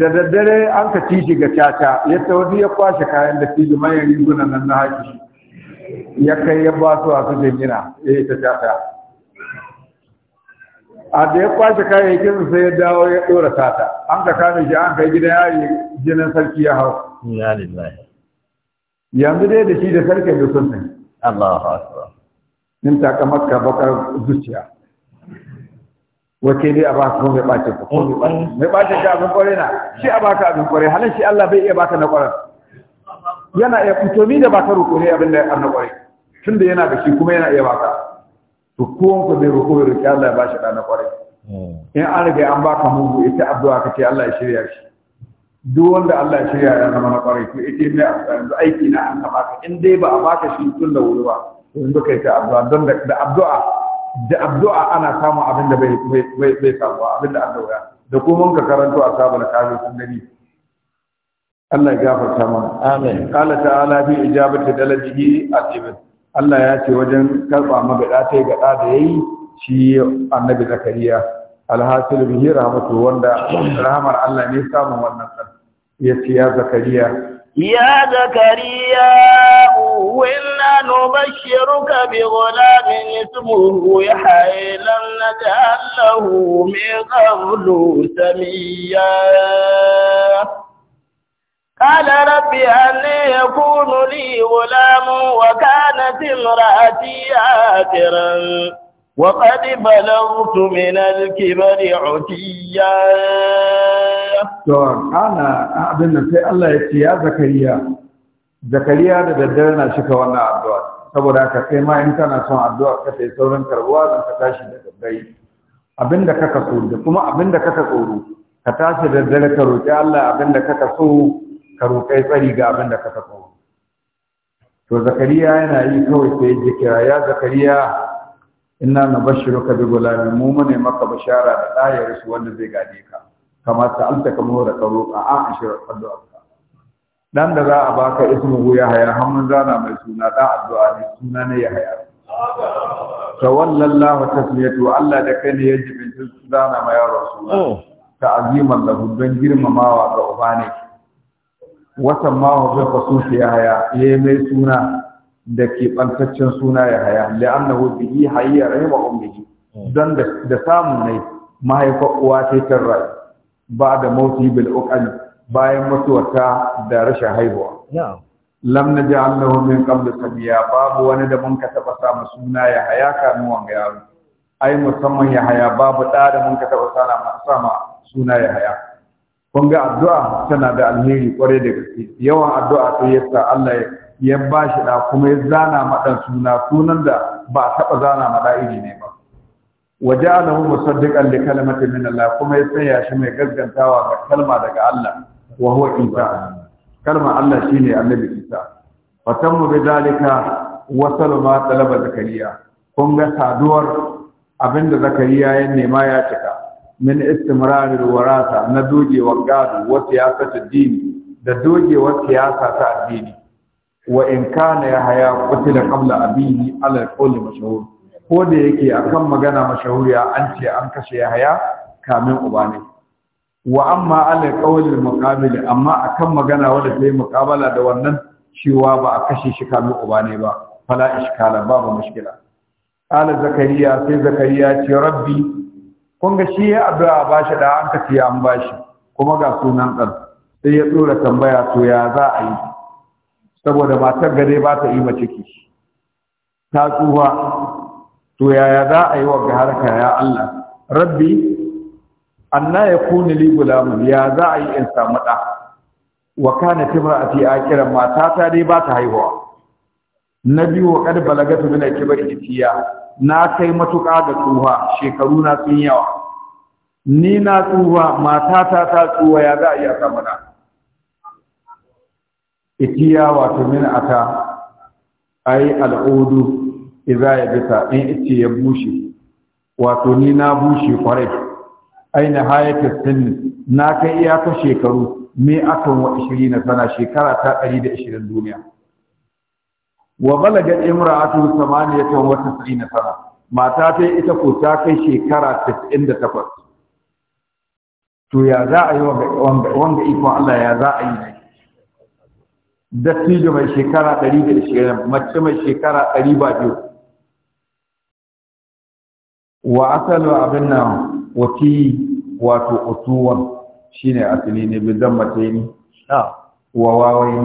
da daddare an ka ci shi ga caca ya tauri ya kwashe kayan da fi manyan rigunan nan na haƙi ya kai ya ba su a su jimina ya yi ta tata a da ya kwashe kayayyakin sai ya dawo ya ɗora tata an ka kame shi an kai gidan yari jinin sarki ya hau yanzu dai da shi da sarki da sun ne Allahu akbar nin taka makka bakar zuciya wace dai a ba su mai ɓace ka ko mai ɓace ka oh, oh. abin ƙware na shi a baka abin ƙware halin shi Allah bai iya baka na ƙwarar yana iya fito ni da baka roƙo ne abin da ƙwarai kwarai tunda yana da shi kuma yana iya baka to kowan ku zai roƙo roƙi Allah ya bashi da na kwarai in an riga an baka mugu ita addu'a kace Allah ya shirya shi duk wanda Allah ya shirya ya zama na kwarai to ita ne yanzu aiki na an ka baka in dai ba a baka shi tun da wuri ba to yanzu kai ta addu'a don da addu'a da addu'a ana samun abin da bai bai bai samuwa abin da Allah da kuma ka karanto a sabon kafin sun gani Allah ya gafarta mana amin qala ta'ala bi ijabati dalabihi atibin Allah ya ce wajen karba magada tai gada da yayi shi annabi zakariya alhasil bihi rahmatu wanda rahmar Allah ne wannan ya zakariya يا قال رب أن يكون لي غلام وكانت امرأتي عاكرا وقد بلغت من الكبر عتيا أنا أبنى سي الله يا زكريا zakariya da daddare na shika wannan addu'a saboda haka kai ma in kana son addu'a ka sai sauran ka tashi da kaka so da kuma da kaka tsoro ka tashi da daddare ka roki Allah da kaka so ka roƙai tsari ga abin da ka sako to zakariya yana yi kawai sai ya kira ya zakariya bashi nabashshiruka bi gulamin mu mune maka bashara da ɗayar su wanda zai gade ka kamar ta alta kamo da karo a an ashirar addu'a dan da za a baka ismuhu ya haya hamun zana mai suna da addu'a ne suna ne ya haya tawallallahu tasmiyatu Allah da kai ne ya jibin zana mai yaro suna oh. ta azimar da don girmamawa ga uba ne watan mahu bai fasu ya haya ya yi mai suna da ke ɓantaccen suna ya haya la'annahu bihi hayya rahima ummihi hmm. Don da samun ne mahaifar uwa ta yi rai ba da mauti bil uqal bayan mutuwarta da rashin haihuwa lam naj'al lahu min qabl sabiya babu wani da mun ka taba samu suna ya haya kamin wanga yaro ai musamman ya haya babu da da mun ka taba sama suna ya haya kun ga addu'a tana da alheri kwarai da gaske yawan addu'a ta yasa Allah ya ba shi da kuma ya zana madan suna sunan da ba a taba zana mada iri ne ba waja'alahu musaddiqan li kalimati min Allah kuma ya tsaya shi mai gaggantawa ga kalma daga Allah wa huwa Isa kalma Allah shine Annabi Isa fa tammu bi dalika wa salama talaba zakariya kun ga saduwar abinda zakariya ya nema ya cika min istimrarir warasa na dogewar gado wa siyasatul dini da dogewar siyasa ta addini wa in kana ya haya qutila qabla abihi ala ko da yake akan magana mashahuriya an ce an kashe yahaya haya kamin uba ne wa amma ala qawli muqabil amma akan magana wanda sai muqabala da wannan cewa ba a kashe shi kamin uba ne ba fala iskala babu mushkila qala zakariya sai zakariya ce rabbi kun ga shi ya addu'a ba shi da an ka an ba shi kuma ga sunan ɗan sai ya tsora tambaya to ya za a yi saboda matar gare ba ta yi ciki ta tsuwa to yaya za a yi wa harka ya Allah rabbi anna yakuni li gulam ya za a yi in samu ɗa wa kana timra'ati akira mata ta dai ba ta haihuwa na biyu wa kad balagatu min kibari tiya na kai matuƙa da tsuha shekaru na sun yawa ni na tsuha matata ta tsuha ya za a iya samu na itiya wato min ata ai al'udu idza ya bisa in ice ya bushe wato ni na bushe kwarai ai na hayatar sinni na kai iyakar shekaru me akan wa 20 sana shekara ta 120 duniya wa balaga imra'atu 98 sana mata ta ita ko ta kai shekara 98 to ya za a yi wanda wanga ikon Allah ya za a yi shi? dattijo mai shekara 120 mace mai shekara 120 wa asalu abin wati wato utuwan shine asali ne bidan mace ne wa wawayi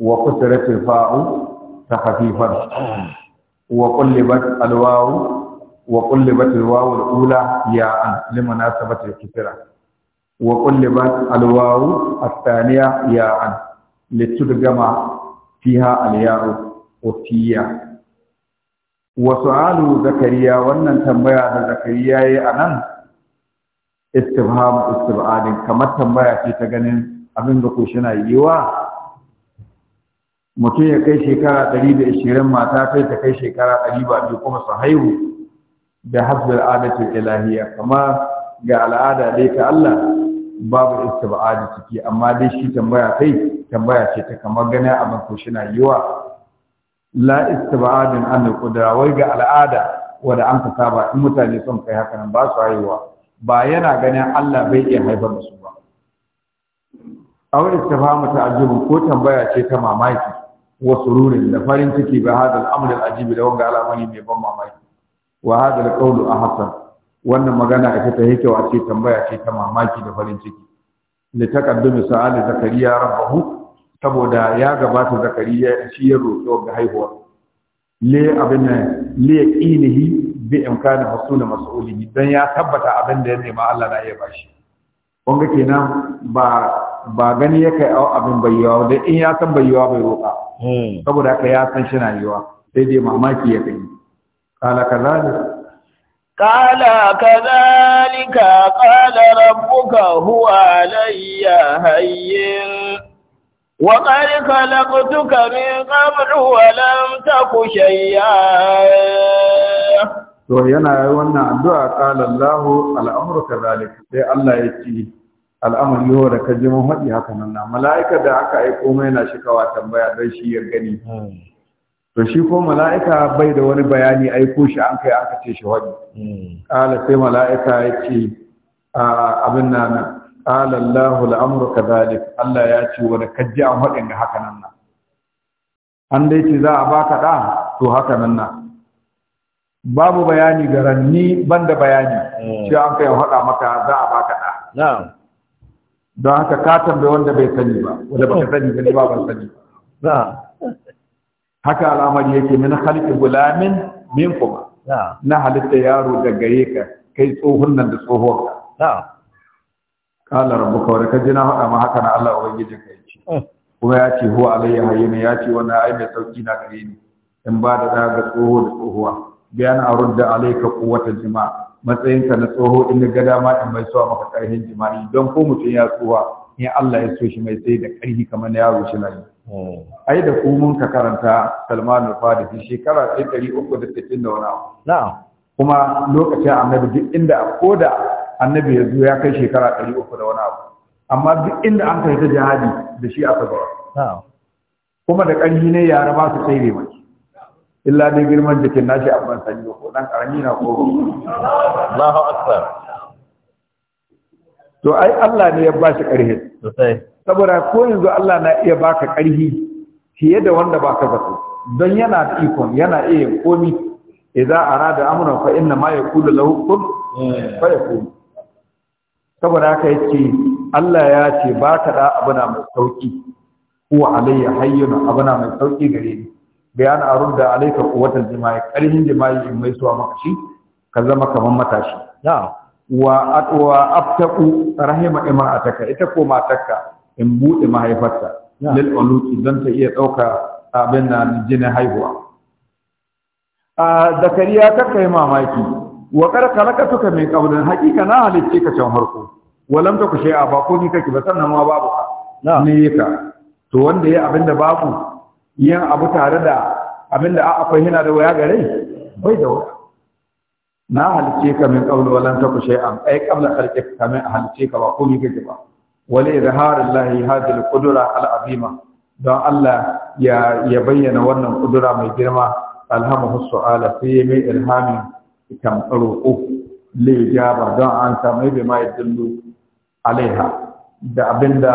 wa kusuratul fa'u تخفيفاً وقلبت الواو وقلبت الواو الأولى ياء لمناسبة الكثرة وقلبت الواو الثانية ياء لتدغم فيها الياء وفيها وسؤال زكريا وأن tambaya زكريا zakariya yayi anan istifham istibadin kamar tambaya ce ta ganin abin mutum ya kai shekara ɗari da ishirin mata kai ta kai shekara ɗari ba biyu kuma su haihu da hafzar adatin ilahiyya kama ga al'ada dai ka Allah babu iska adi ciki amma dai shi tambaya kai tambaya ce ta kamar gani abin ko shi na yiwa la istiba'adin an kudura wai ga al'ada wanda an ka ba in mutane sun kai haka nan ba su haihuwa ba yana ganin Allah bai iya haifar da su ba aw mu ta'ajjubun ko tambaya ce ta mamaki wa sururin da farin ciki bai hada al'amur al'ajibi da wanga al'amari mai ban mamaki wa hada al'aulu a Hassan. wannan magana da ta yake wa ce tambaya ce ta mamaki da farin ciki li taqaddumi sa'ali zakariya rabbahu saboda ya gabata zakariya shi ya roƙi ga haihuwa li abin nan li yaqinihi bi imkani hasuna mas'ulihi dan ya tabbata abin da ya nema Allah na iya ba shi. ga kenan ba ba gani ya kai abin bai yiwa da in ya san bai yiwa bai roƙa hmm. saboda haka ya san shi na yiwa sai dai mamaki ya kai kala kazalik kala kazalika kala rabbuka huwa alayya hayyin wa qad khalaqtuka min qablu wa lam taku shayya to yana wannan addu'a qala ka za kazalik sai Allah ya ce al'amari yau da ka jimin haɗi haka nan na mala'ika da aka yi komai na shi kawa tambaya don shi ya gani to shi ko mala'ika bai da wani bayani aiko shi an kai aka ce shi haɗi ƙala sai mala'ika ya ce abin na na ƙala Allahu al'amuru ka zalik Allah ya ce wani kajji an haɗin da haka nan na an dai ce za a baka ɗa to haka nan na babu bayani garanni da bayani hmm. shi an kai haɗa maka za a baka ɗa don haka ka tambayi wanda bai sani ba wanda baka sani ba ba ban sani ba haka al'amari yake min halittar gulamin min kuma na halitta yaro da gare ka kai tsohon nan da tsohon ka kala rabbuka wa kaji na hada ma haka na Allah ubangijin ka yace eh. kuma ya ce huwa alayya ne ya ce wani ai mai sauki na gare ni in ba da ga tsoho da tsohuwa a rudda alaika kuwata jima'a matsayinka na tsoho in ga dama in mai suwa maka ƙarfin jima'i don ko mutum ya tsuwa in Allah ya so shi mai sai da ƙarfi kamar na yaro shi yi. Hmm. Ai da ku mun ka karanta Salman Fadisi shekara ɗaya ɗari uku da sittin da wani abu. Kuma lokacin annabi duk inda ko da annabi ya zo ya kai shekara ɗari uku da wani abu. Amma duk inda an kai ta jihadi da shi aka zawa. Kuma da ƙarfi ne yara ba su tsere mai. illa dai girman ke nashi ban sanyi ko dan karami na ko Allahu akbar to ai Allah ne ya bashi karhi sosai saboda ko yanzu Allah na iya baka karhi fiye da wanda baka zato don yana da ikon yana iya komi idza arada amran fa inna ma yaqulu lahu kun eh. fa yakun saboda haka yake Allah ya ce baka da abuna mai sauki ko alayya hayyun abuna mai sauki gare ni bayan a rudda alaika kuwatar jima'i ƙarfin jima'i in mai suwa makashi, ka zama kamar matashi wa atwa aftaku rahima imra'ataka ita ko matarka in buɗe mahaifarta lil uluki dan ta iya dauka abin da jinin haihuwa a zakariya ta kai mamaki wa kar suka min qablin hakika na halicce ka can harko walam ta kushe a ba ko ni kake ba sannan ma babu ka ne ka to wanda ya abinda babu yin abu tare da abin da akwai yana da waya gare bai da waya na halice ka min qabl walan kushe an ai kamla halice ka min halice ka ba komai kake ba wal izharul hadil qudura al azima don Allah ya ya bayyana wannan kudura mai girma alhamu su'ala fi mai ilhamin kam roƙo li jaba don an samai bi mai alaiha da abinda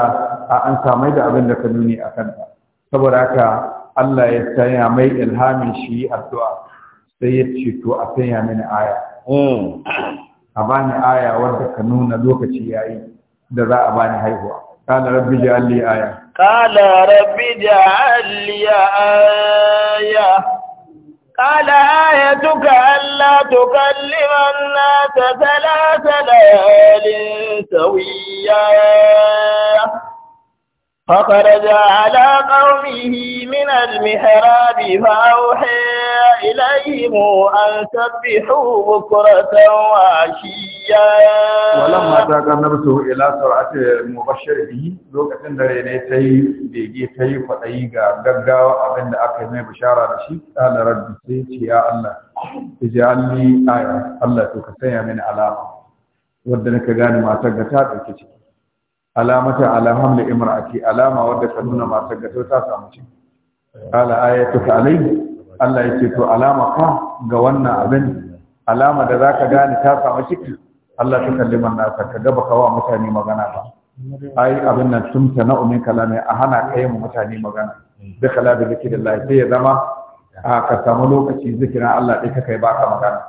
an samai da abinda ka nuni akan ta saboda haka Allah ya sanya mai ilhamin shi addu'a sai ya ce to a sanya mini aya hmm. a bani aya wadda ka nuna lokaci yayi da za a bani haihuwa قال رب اجعل لي آية قال رب اجعل لي aya قال آيتك ألا تكلم الناس ثلاث ليال سويا فخرج على قومه من المحراب فأوحى إليهم أن سبحوا بكرة وعشيا ولما تاقى نفسه إلى سرعة مبشر به لوك تندري نيتي بيجي تي فتيجا قدقا أبن أكيد بشارة رشيد قال ربي سيتي يا الله اجعل لي آية الله تكسي من علامة ودنك غاني ما تاقى تاقى كتير alamata alhamdu imra'ati alama wadda ka nuna matar ga ta samu ci ala ayatu alai Allah yake to alama ka ga wannan abin alama da zaka gane ta samu ciki Allah ta kalliman nasa ka gaba wa mutane magana ba ai abin nan tumta na umin kalame a hana kai mu mutane magana da kala da zikrillah sai ya zama ka samu lokaci zikirin Allah dai ka kai baka magana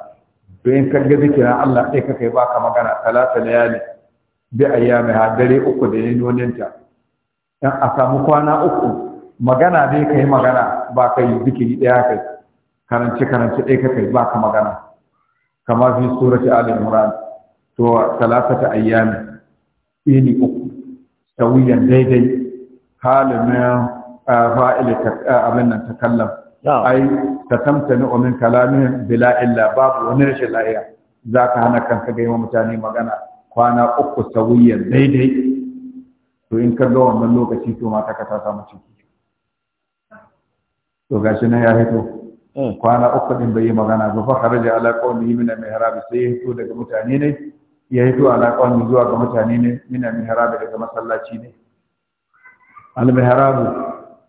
to in ka ga zikirin Allah dai ka kai baka magana talata layali bi a yi mai hadari uku da noninta dan a samu kwana uku magana dai kai magana ba ka yi zikiri ɗaya kai karanci karanci ka kai ba ka magana kama fi surati ali imran to talatata ayyami ini uku tawiyan daidai halimin fa'il abin nan ta kallon. ai tatamtani min kalamin bila illa babu wani rashin lahiya ka hana kanka ga mutane magana kwana uku sauyin daidai to in ka ga wannan lokaci to mata ka ta samu ciki to ga shi nan ya hito eh. kwana uku din bai yi magana ba fa kharaja ala qawmi min al-mihrab sai ya hito daga mutane ne ya hito ala qawmi zuwa ga mutane ne min al-mihrab daga masallaci ne al-mihrab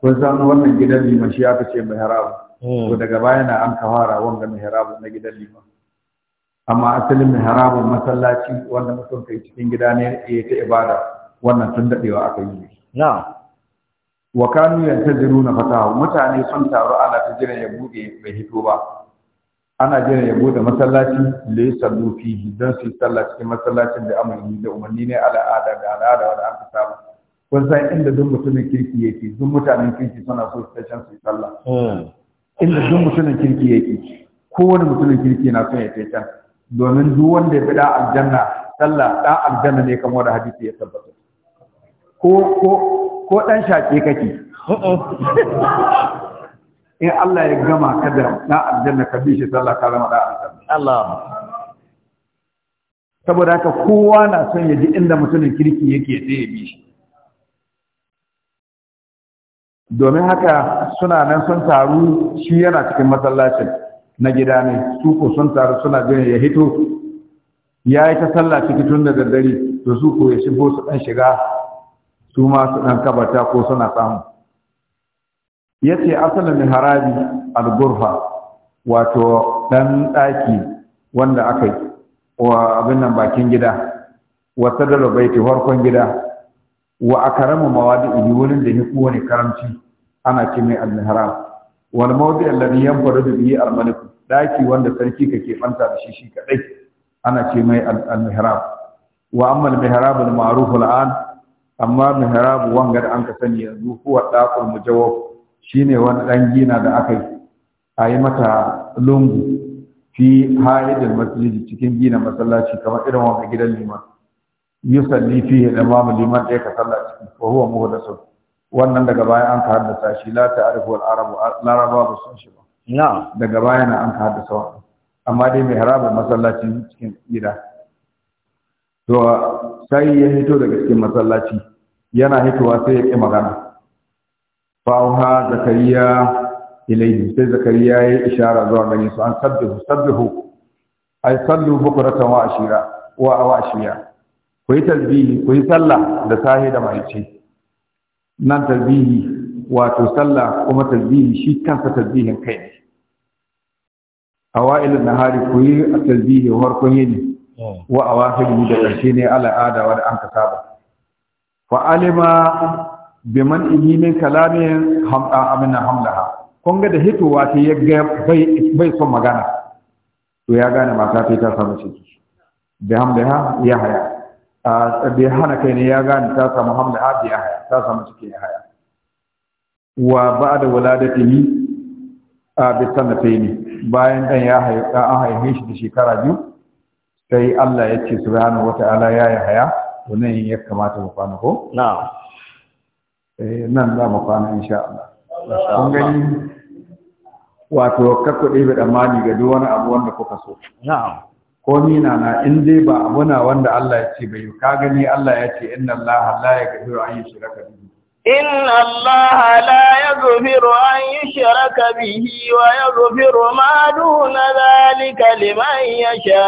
kun san wannan gidan liman shi aka ce mihrab eh. to daga baya na an kawara wanga mihrab na gidan liman amma asalin mihrabun masallaci wanda mutum kai cikin gida ne ya ta ibada wannan tun dadewa aka yi na wa kanu na fatahu mutane sun taru ana ta jiran ya bude bai hito ba ana jiran ya bude masallaci da ya sallu fihi don su sallah cikin masallacin da amurni da umarni ne al'ada da al'ada wanda an fi samu kun san inda duk mutumin kirki yake duk mutanen kirki suna so su tashan su sallah hmm. inda duk mutumin kirki yake kowane mutumin kirki na son ya tashan domin duk wanda ya bida aljanna sallah da aljanna ne kamar da hadisi ya tabbata ko ko ko dan shaƙe kake in Allah ya gama ka da aljanna ka bi shi sallah ka zama da aljanna Allah saboda haka kowa na son ya ji inda mutumin kirki yake sai ya bi shi domin haka suna nan sun taru shi yana cikin masallacin na gida ne su ko sun taru suna jiran ya hito ya yi ta sallah ciki tun da daddare to su ko ya shigo su dan shiga su ma su dan kabata ko suna samu yace asalin harabi al-gurfa wato dan daki wanda aka yi wa abin nan bakin gida wa sadar baiti farkon gida wa akaramu mawadi'i wurin da ya kowane karamci ana ce mai al mihrab wal mawdi alladhi yanfaridu bihi al malik daki wanda sarki ka ke fanta da shi shi kadai ana ce mai al mihrab wa amma al mihrab al ma'ruf al an amma mihrab wanga da an ka sani yanzu huwa daqul mujawwab shine wani dan gina da aka yi a mata lungu fi haidin masjidi cikin gina masallaci kamar irin wanda gidan liman yusalli fihi al imam liman ɗaya ka sallaci ciki wa huwa muhdathun wannan daga baya an ka haddasa shi la arifu al-arabu laraba ba sun shi ba na daga baya na an ka haddasa wannan amma dai mai harabin masallacin cikin gida to sai ya hito daga cikin masallaci yana hitowa sai ya ƙi magana fa'uha zakariya ilayhi sai zakariya ya yi ishara zuwa gani su an sabbihu sabbihu ay sallu bukratan wa ashira wa awashiya ku yi tasbihi ku yi sallah da sahi da ce nan tarbihi wato sallah kuma tarbihi shi kansa tarbihin kai ne na nahari ku yi tasbihi harkon yini wa awakhiri da karshe ne al'ada wanda an ka saba fa alima biman ihi min kalamin hamda amina hamlaha kun ga da hitowa ta ya bai bai son magana to ya gane mata ta samu ciki da hamdaha ya haya da ya hana kai ne ya gane ta samu hamla a ya haya ta samu ciki ya haya wa ba da wuladatihi a bisan da ne bayan ɗan ya haya shi da shekara biyu sai Allah ya ce su wata ala ya yi haya to nan ya kamata mu kwana ko na'am eh, nan za mu kwana insha Allah kun gani wato kakkuɗe bi damani ga duk wani abu wanda kuka so na'am ko ni na in dai ba muna wanda Allah ya ce bai ka gani Allah ya ce inna Allah la yaghfiru an yushraka bihi inna Allah la yaghfiru an yushraka bihi wa yaghfiru ma duna zalika liman yasha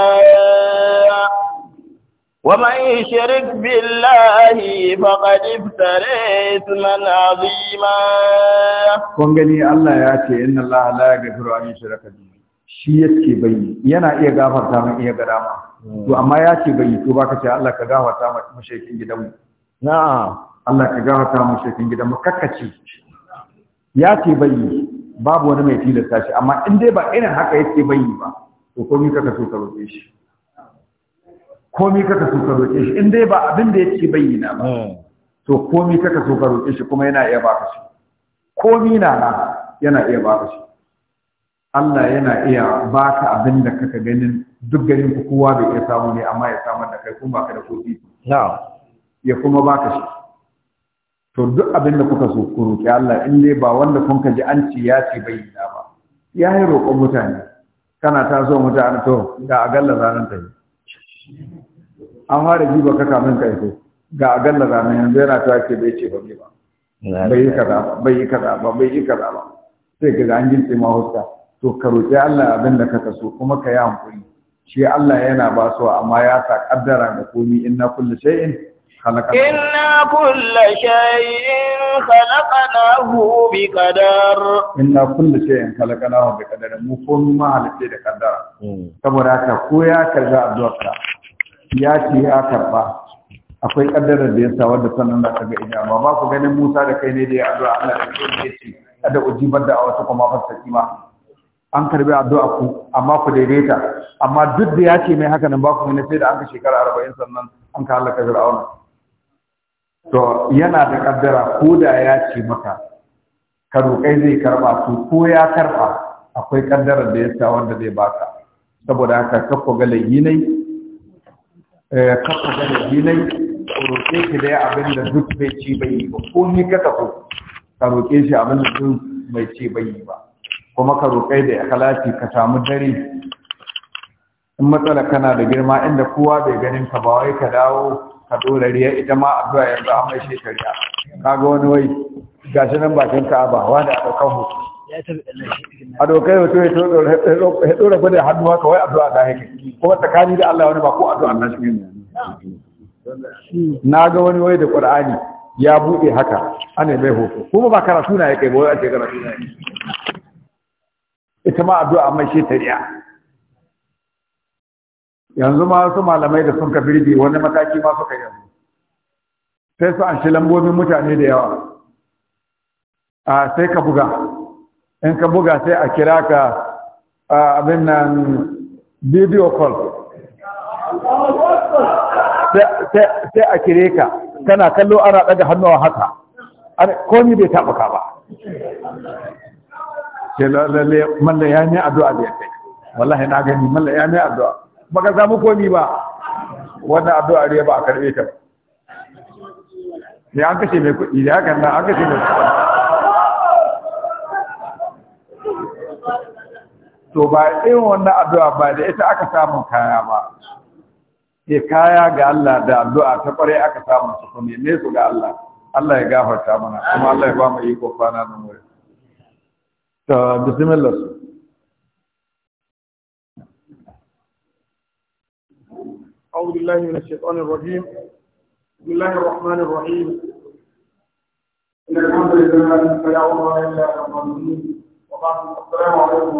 ومن يشرك بالله فقد افترى اثما gani Allah غني الله ياتي ان الله لا يغفر an yushraka bihi shi yake bai yana iya gafarta mun iya gada ma to amma ya ce bai to baka ce Allah ka gafarta mu shekin gidanmu na'am Allah ka gafarta mu shekin gidanmu kakkace ya ce bai babu wani mai tilasta shi amma in dai ba irin haka yake bai ba to komai kaka so ka roƙe shi komai kaka so ka roƙe shi in dai ba abin da yake na ba to komi kaka so ka roƙe shi kuma yana iya baka shi komai na na yana iya baka shi Allah yana iya baka abin da kaka ganin duk ganin ku kowa bai iya samu ne amma ya samar da kai kuma ka da kofi ya kuma baka shi to duk abin da kuka so ku roki Allah in dai ba wanda kun ka ji an ci ya ce bai da ba ya yi roƙon mutane kana ta so mutane to ga agalla ranar ta yi an fara ji ba ka min kai to ga agalla ranar yanzu yana ta ce bai ce ba bai ba bai yi kaza ba bai yi kaza ba bai yi kaza ba sai ka ga an jinsi ma huska to ka roƙi Allah abin da ka so kuma ka yi hankuri shi Allah yana ba su amma ya sa ƙaddara da komi in na inna kullu shay'in khalaqa na kullu shay'in khalaqnahu bi qadar inna kullu shay'in khalaqnahu bi qadar mu komi ma halitta da kaddara saboda haka ko ya karga addu'arka? ya ce ya karba akwai kaddarar da ya sa wanda sannan za ka ga ijaba ba ku ganin Musa da kai ne da ya addu'a Allah da ya ce kada ujibar da a wata kuma fasaki ba an karbi addu'a ku amma ku daidaita amma duk da ya ce mai haka nan ba ku ne sai da an ka shekara arba'in sannan an ka halaka Fir'aun to yana da kaddara ko da ya ce maka ka roƙai zai karɓa su ko ya karɓa akwai kaddarar da ya sa wanda zai baka saboda haka kakko ga layyinai eh, kakko ga layyinai roƙe ki da abin da duk bai ci bai yi ba ko ni ka tafi ka roƙe shi abin da duk bai ci bai yi ba kuma ka roƙai da ikhlasi ka samu dare in matsala kana da girma inda kowa bai ganin ka ba wai ka dawo ka dora riya ita ma addu'a yanzu an mai shekariya kaga wani wai gashi nan bakin ka ba wa a aka kawo a dokai wato ya dora gwada hannu haka wai addu'a ta haka kuma tsakani da Allah wani ba ko addu'a na shi na ga wani wai da Qur'ani ya buɗe haka ana mai hoto kuma ba karatu na ya kai ba wai a ce karatu na ya ita ma addu'a mai shi tariya yanzu ma su malamai da sun ka birge wani mataki ma suka yanzu sai su anshi lambobin mutane da yawa a sai ka buga in ka buga sai a kira ka abin nan video call sai a kire ka kana kallo ana daga hannuwa haka komi bai taɓa ka ba ke lalle malla ya ne addu'a da yake wallahi na gani malla ya ne addu'a baka samu komi ba wannan addu'a ne ba a karbe ta ne an kace mai kudi da hakan nan an kace mai to ba irin wannan addu'a ba da ita aka samu kaya ba ke eh, kaya ga Allah da addu'a ta kware aka samu su kuma ne su ga Allah Allah ya gafarta mana kuma Allah ya ba mu iko kwana nan wuri آه، بسم الله أعوذ بالله من الشيطان الرجيم بسم الله الرحمن الرحيم إن الحمد لله لا إله إلا هو الحي القيوم وبعد السلام عليكم